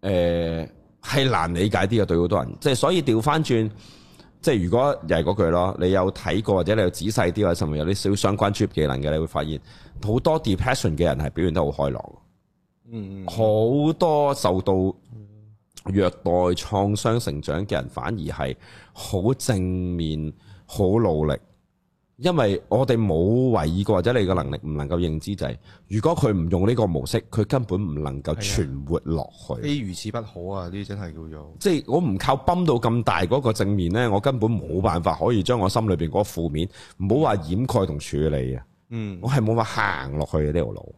呃，係難理解啲嘅，對好多人，即係所以調翻轉。即係如果又係嗰句咯，你有睇過或者你有仔細啲或者甚至有啲少相關專業技能嘅，你會發現好多 depression 嘅人係表現得好開朗，嗯，好多受到虐待創傷成長嘅人反而係好正面、好努力。因為我哋冇懷疑過，或者你個能力唔能夠認知就係，如果佢唔用呢個模式，佢根本唔能夠存活落去。非如此不好啊！呢啲真係叫做，即係我唔靠泵到咁大嗰個正面咧，我根本冇辦法可以將我心裏邊嗰個負面唔好話掩蓋同處理啊。嗯，我係冇辦法行落去嘅呢條路。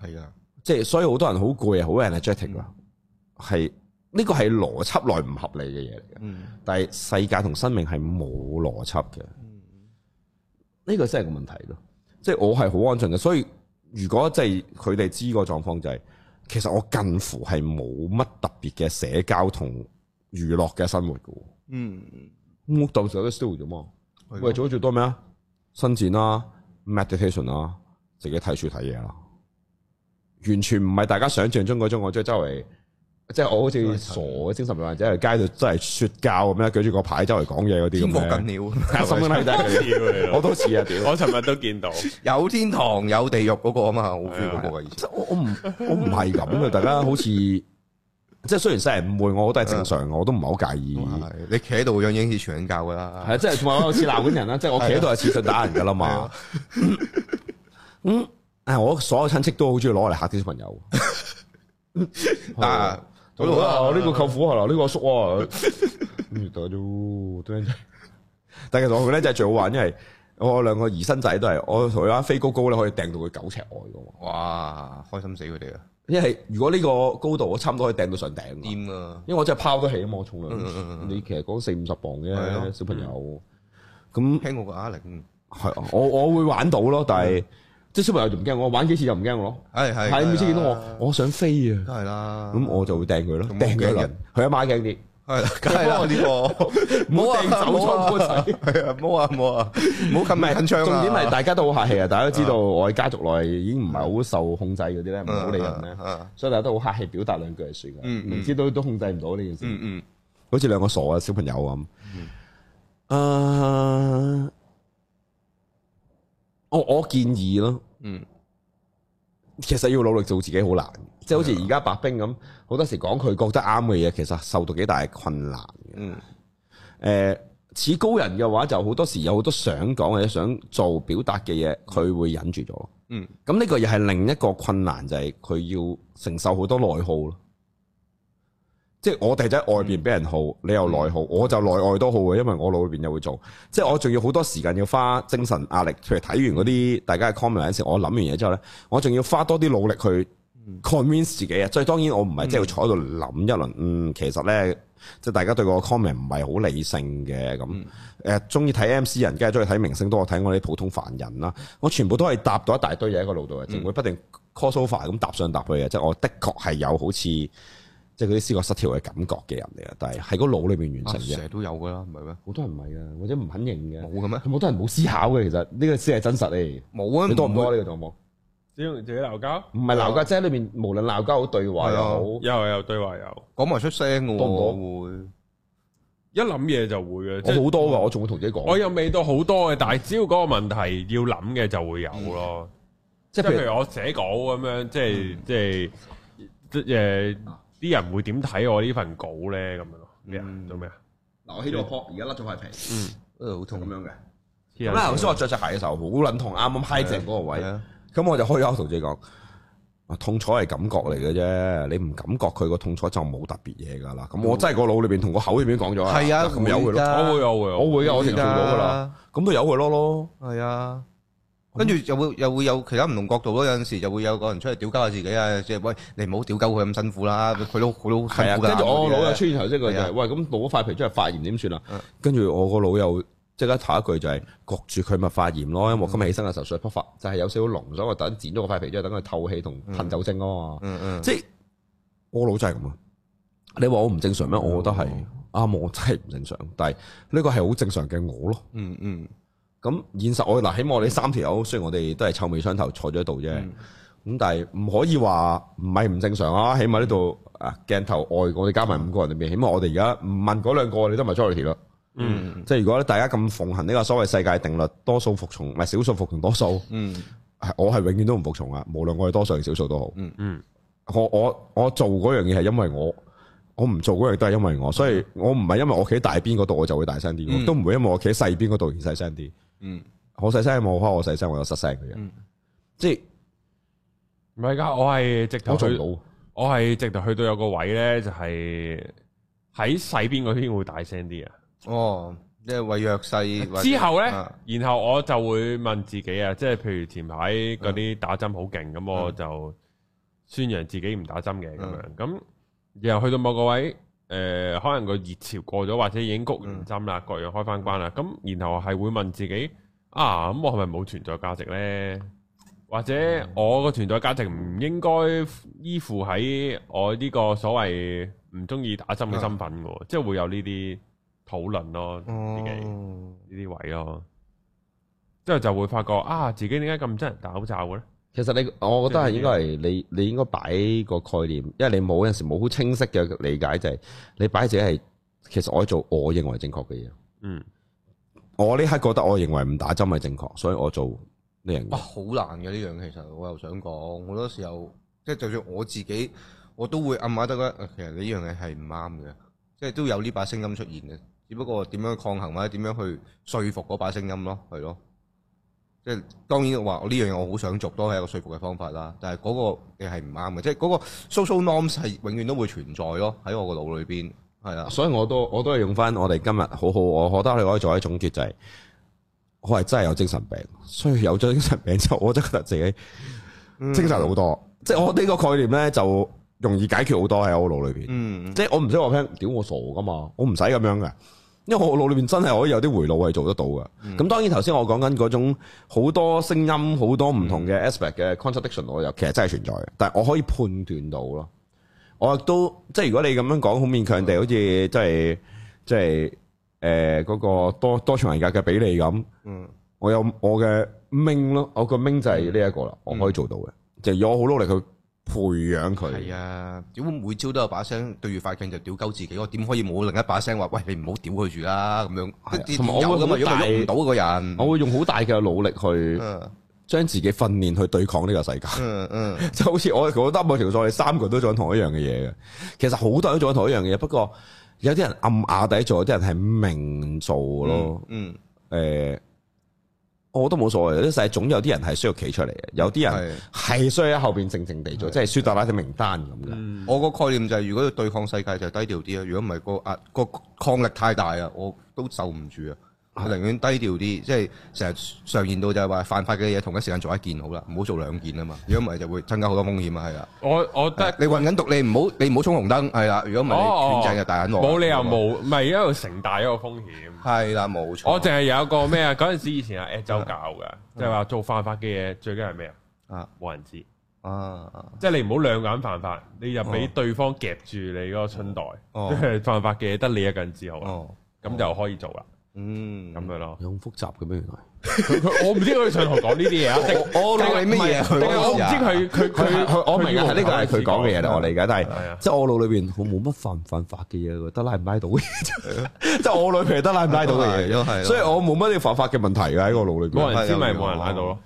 係噶的，即係所以好多人好攰啊，好 annoyeding 啊，係呢個係邏輯內唔合理嘅嘢嚟嘅。嗯，但係世界同生命係冇邏輯嘅。呢個真係個問題咯，即係我係好安靜嘅，所以如果即係佢哋知個狀況就係，是，其實我近乎係冇乜特別嘅社交同娛樂嘅生活嘅。嗯，屋度成日都 still 啫嘛。的喂，做咗最多咩啊？伸展啦、啊，meditation 啦、啊，自己睇書睇嘢啦，完全唔係大家想象中嗰種，我即係周圍。即係我好似傻嘅精神病患者喺街度，真係說教咁樣舉住個牌周圍講嘢嗰啲，天莫近鳥，心中係得鳥。我都似啊屌！我尋日都見到有天堂有地獄嗰個啊嘛，好中意嗰個嘅意思。我唔我唔係咁啊！大家好似即係雖然世人誤會，我都係正常，我都唔係好介意。你企喺度，樣影起傳教噶啦。係啊，即係同埋我似南管人啦，即係我企喺度係持續打人噶啦嘛。嗯，誒，我所有親戚都好中意攞嚟吓啲小朋友。嗱。呢、啊這個舅父係啦，呢、啊這個阿叔，啊。 但其實我咧就係最好玩，因為我兩個姨甥仔都係，我同佢玩飛高高咧可以掟到佢九尺外噶。哇，開心死佢哋啊！因為如果呢個高度，我差唔多可以掟到上頂。掂啊！因為我真係拋得起啊嘛，我重量，嗯嗯嗯、你其實講四五十磅啫，啊、小朋友。咁、嗯、那聽我個壓力，係、啊、我我會玩到咯，但係。嗯。即小朋友就唔驚我玩幾次就唔驚我咯，係係，係每次見到我，我想飛啊，係啦，咁我就會掟佢咯，掟佢一輪，佢阿媽驚啲，係啦，梗係呢個，唔好掟走錯波仔，係啊，唔好啊唔好啊，唔好咁唔係，重點係大家都好客氣啊，大家都知道我喺家族內已經唔係好受控制嗰啲咧，唔好理人咧，所以大家都好客氣，表達兩句就算嘅，明知都都控制唔到呢件事，嗯，好似兩個傻啊小朋友咁，嗯。我我建議咯，嗯，其實要努力做自己好難，即係好似而家白兵咁，好多時講佢覺得啱嘅嘢，其實受到幾大困難，嗯，誒、呃，似高人嘅話，就好多時有好多想講或者想做表達嘅嘢，佢、嗯、會忍住咗，嗯，咁呢個又係另一個困難，就係佢要承受好多內耗咯。即係我哋喺外邊俾人耗，你又內耗，我就內外都耗嘅，因為我腦裏邊又會做。即係我仲要好多時間要花精神壓力，譬如睇完嗰啲大家嘅 comment 嗰陣時，我諗完嘢之後呢，我仲要花多啲努力去 convince 自己啊。所以當然我唔係即係坐喺度諗一輪，嗯，其實呢，即係大家對個 comment 唔係好理性嘅咁。誒，中意睇 MC 人，梗係中意睇明星多過睇我啲普通凡人啦。我全部都係搭到一大堆嘢喺個腦度嘅，就會不斷 call so far 咁搭上搭去嘅。即係我的確係有好似。即係嗰啲思覺失調嘅感覺嘅人嚟啊，但係喺個腦裏邊完成嘅。成日都有噶啦，唔係咩？好多人唔係啊，或者唔肯認嘅冇咁咩？好多人冇思考嘅，其實呢個先係真實嚟，冇啊，你多唔多呢個狀況？只要自己鬧交？唔係鬧交，即係裏面無論鬧交好對話又好，又有對話又講埋出聲嘅喎。一諗嘢就會嘅，即係好多㗎。我仲會同自己講，我又未到好多嘅，但係只要嗰個問題要諗嘅就會有咯。即係譬如我寫稿咁樣，即係即係誒。啲人會點睇我呢份稿咧？咁樣咯，咩做咩啊？嗱、嗯，我起咗個泡，而家甩咗塊皮，嗯，好痛咁樣嘅。咁咧，頭先我着隻鞋嘅時候好撚痛，啱啱揩正嗰個位，咁我就開口同自己講：啊，痛楚係感覺嚟嘅啫，你唔感覺佢個痛楚就冇特別嘢㗎啦。咁我真係個腦裏邊同個口裏邊講咗係啊，咁有㗎，我會有會，我會㗎，我聽到㗎啦，咁都有回咯，係啊的。跟住又會又會有其他唔同角度咯，有陣時就會有個人出嚟屌鳩下自己啊，即係喂你唔好屌鳩佢咁辛苦啦，佢都佢都辛苦噶。跟住、就是、我老又出嚟頭先、就是，即係就係喂咁，攞塊皮出嚟發炎點算啊？是的 跟住我個老又即刻一一句就係焗住佢咪發炎咯，因為我今日起身嘅時候水泡發，就係、是、有少少膿，所以我突然剪咗個塊皮之後等佢透氣同噴酒精啊嘛。嗯嗯，嗯即，即係我老就係咁啊！你話我唔正常咩？嗯嗯嗯嗯，我覺得係阿我真係唔正常，但係呢個係好正常嘅我咯。嗯嗯。咁現實我嗱，起碼我哋三條友，雖然我哋都係臭味相投坐咗喺度啫，咁、嗯、但係唔可以話唔係唔正常啊！起碼呢度啊，鏡頭外我哋加埋五個人裏面，起碼我哋而家唔問嗰兩個，你都唔係 quality 咯。即係如果大家咁奉行呢個所謂世界定律，多數服從唔係少數服從多數。嗯，我係永遠都唔服從啊！無論我係多數定少數都好。嗯嗯我，我我我做嗰樣嘢係因為我，我唔做嗰樣嘢都係因為我，所以我唔係因為我企喺大邊嗰度我就會大聲啲，都唔、嗯、會因為我企喺細邊嗰度而細聲啲。嗯，我細聲冇開，我細聲我有失聲嘅人，即係唔係噶，我係直頭去，到，我係直頭去到有個位咧，哦，就係喺細邊嗰邊會大聲啲啊！哦，即係為弱勢之後咧，然後我就會問自己啊，即係譬如前排嗰啲打針好勁，咁我就宣揚自己唔打針嘅咁樣，咁、嗯、然後去到某個位。誒、呃，可能個熱潮過咗，或者已經谷完針啦，嗯、各樣開翻關啦，咁然後係會問自己啊，咁我係咪冇存在價值咧？或者我個存在價值唔應該依附喺我呢個所謂唔中意打針嘅身份嘅？嗯、即係會有呢啲討論咯，自己呢啲、嗯、位咯，之後就會發覺啊，自己點解咁憎人戴口罩嘅咧？其實你，我覺得係應該係你，你應該擺個概念，因為你冇嗰陣時冇好清晰嘅理解、就是，就係你擺自己係其實我做我認為正確嘅嘢。嗯，我呢刻覺得我認為唔打針係正確，所以我做呢樣嘢。哇，好難嘅呢樣，其實我又想講好多時候，即係就算我自己我都會暗下得覺得，其實呢樣嘢係唔啱嘅，即係都有呢把聲音出現嘅，只不過點樣抗衡或者點樣去說服嗰把聲音咯，係咯。即係當然話，我呢樣嘢我好想做，都係一個說服嘅方法啦。但係嗰個嘅係唔啱嘅，即係嗰個 social norms 係永遠都會存在咯，喺我個腦裏邊。係啊，所以我都我都係用翻我哋今日好好我覺得，你可以做一總結，就係、是，我係真係有精神病，所以有咗精神病之後我真係覺得自己精神好多。嗯、即係我呢個概念咧就容易解決好多喺我腦裏邊。嗯，即係我唔使話聽，屌我傻噶嘛，我唔使咁樣嘅。因為我腦裏面真係可以有啲回路係做得到嘅，咁、嗯、當然頭先我講緊嗰種好多聲音、好多唔同嘅 aspect 嘅 contradiction，我又、嗯、其實真係存在嘅。但係我可以判斷到咯。我亦都即係如果你咁樣講好勉強地，好似即係即係誒嗰個多多重人格嘅比例咁，嗯，我有我嘅 ming 咯，我個 ming 就係呢一個啦，我可以做到嘅，就我好努力去。培養佢係啊！如果每朝都有把聲對住塊鏡就屌鳩自己，我點可以冇另一把聲話喂，你唔好屌佢住啦咁樣。同、啊、我會用好大，人我會用好大嘅努力去將自己訓練去對抗呢個世界。嗯嗯，嗯 就好似我覺得某程度上你三個都做同一樣嘅嘢嘅，其實好多人都做同一樣嘅嘢，不過有啲人暗啞底做，有啲人係明做咯、嗯。嗯，誒、嗯。我都冇所謂，世總有啲人係需要企出嚟嘅，有啲人係需要喺後邊靜靜地做，即係舒大大嘅名單咁嘅。嗯、我個概念就係、是，如果要對抗世界就是、低調啲咯。如果唔係個壓個、啊、抗力太大啊，我都受唔住啊。我寧願低調啲，即係成日常言道就係話，犯法嘅嘢同一時間做一件好啦，唔好做兩件啊嘛。如果唔係就會增加好多風險啊。係啦，我我得你運緊毒，你唔好你唔好衝紅燈係啦。如果唔係，全掣就大眼我。冇、哦哦哦哦、理由冇，唔係一為成大一個風險。係啦，冇錯。我淨係有一個咩啊？嗰陣 時以前阿阿周教嘅，啊、就係話做犯法嘅嘢，最緊係咩啊？啊，冇人知啊！即係你唔好兩眼犯法，你又俾對方夾住你嗰個春袋。啊啊、 犯法嘅嘢得你一個人知好咁，啊、就可以做啦。啊啊啊嗯，咁樣咯，有咁複雜嘅咩？原來我唔知佢上堂講呢啲嘢啊！我理你咩嘢？我唔知佢佢佢我明啊！呢個係佢講嘅嘢，我理解，但係即係我腦裏邊，我冇乜犯唔犯法嘅嘢，得拉唔拉到，即係我裏邊係得拉唔拉到嘅嘢，所以我冇乜嘢犯法嘅問題嘅喺我腦裏。冇人知咪冇人拉到咯？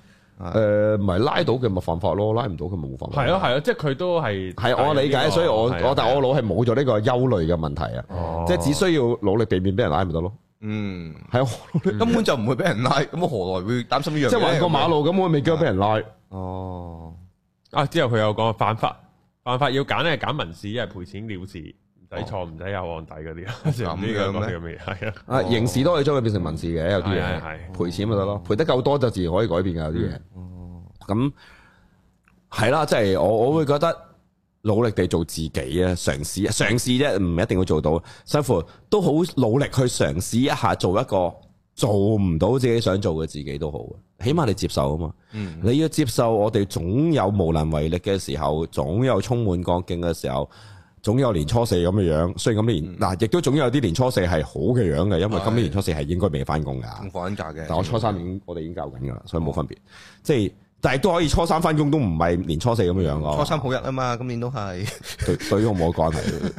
誒，唔係拉到嘅咪犯法咯，拉唔到嘅冇犯法。係咯係咯，即係佢都係係我理解，所以我我但我腦係冇咗呢個憂慮嘅問題啊，即係只需要努力避免俾人拉唔得咯。嗯，喺根本就唔會俾人拉，咁我何來會擔心呢樣？即係橫過馬路咁，我未叫俾人拉。哦，啊之後佢有個犯法，犯法要揀，係揀民事，一係賠錢了事，唔使錯唔使有案底嗰啲啊。咁樣咧，係啊，刑事都可以將佢變成民事嘅，有啲嘢係賠錢咪得咯，賠得夠多就自然可以改變噶，有啲嘢。哦，咁係啦，即係我我會覺得。努力地做自己啊，嘗試嘗試啫，唔一定要做到。辛苦都好努力去嘗試一下，做一個做唔到自己想做嘅自己都好。起碼你接受啊嘛，嗯，你要接受我哋總有無能為力嘅時候，總有充滿光景嘅時候，總有年初四咁嘅樣，樣。雖然咁年嗱、嗯啊，亦都總有啲年初四係好嘅樣嘅，因為今年年初四係應該未翻工噶。放假嘅，但我初三年的我哋已經教緊噶啦，所以冇分別。嗯、即係。但係都可以初三翻工，都唔係年初四咁樣樣。初三好日啊嘛，今年都係。對，對於我冇關係。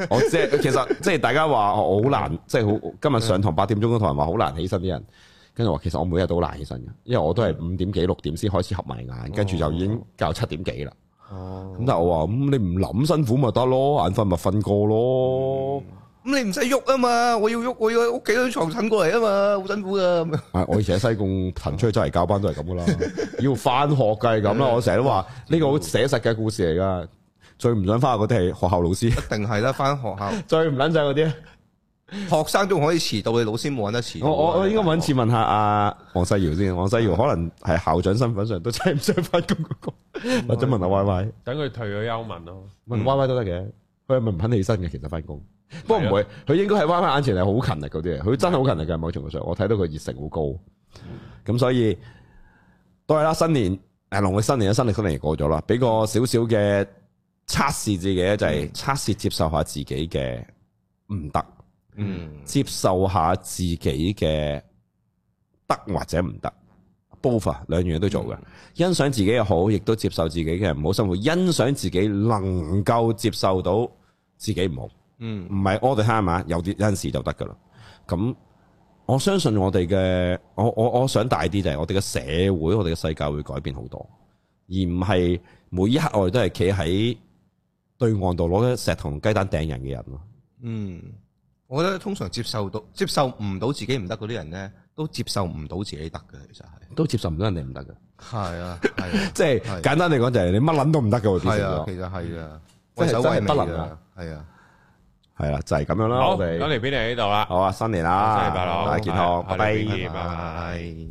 我即係其實即係大家話我好難，即係好今日上堂八點鐘同人話好難起身啲人，跟住話其實我每日都好難起身嘅，因為我都係五點幾六點先開始合埋眼，跟住就已經夠七點幾啦。哦。咁但係我話咁、嗯、你唔諗辛苦咪得咯，眼瞓咪瞓過咯。嗯咁你唔使喐啊嘛，我要喐，我要喺屋企喺床診過嚟啊嘛，好辛苦㗎！我以前喺西貢行出去真係教班都係咁噶啦，要翻學梗係咁啦。我成日都話呢個好寫實嘅故事嚟噶，最唔想翻學嗰啲係學校老師，一定係啦，翻學校最唔撚仔嗰啲學生仲可以遲到，你老師冇揾得遲。我我我應該搵次問下阿黃世堯先，黃世堯可能係校長身份上都真係唔想翻工嗰個。我想問下 Y Y，等佢退咗休，問咯，問 Y Y 都得嘅，佢係咪唔肯起身嘅？其實翻工。不過唔會，佢應該係彎喺眼前係好勤力嗰啲嘅，佢真係好勤力嘅，某程度上，我睇到佢熱誠好高。咁、嗯、所以，都係啦新年，誒龍嘅新年嘅新曆新年過咗啦，俾個少少嘅測試自己，就係測試接受下自己嘅唔得，嗯，接受下自己嘅得或者唔得，both 兩樣嘢都做嘅，嗯、欣賞自己嘅好，亦都接受自己嘅唔好生活，欣賞自己能夠接受到自己唔好。嗯，唔係我哋蝦嘛，有啲有陣時就得噶啦。咁我相信我哋嘅，我我我想大啲就係我哋嘅社會，我哋嘅世界會改變好多，而唔係每一刻我哋都係企喺對岸度攞啲石同雞蛋掟人嘅人咯。嗯，我覺得通常接受到接受唔到自己唔得嗰啲人咧，都接受唔到自己得嘅，其實係都接受唔到人哋唔得嘅。係啊，即係、啊、 簡單嚟講就係你乜撚都唔得嘅，變成、啊、其實係啊，即真係真係不能啊，係啊。係啦，就係、是、咁樣啦。我哋攞嚟俾你呢度啦。們好啊，新年啦，新年快樂，大家拜健康，拜拜！拜拜。拜拜拜拜。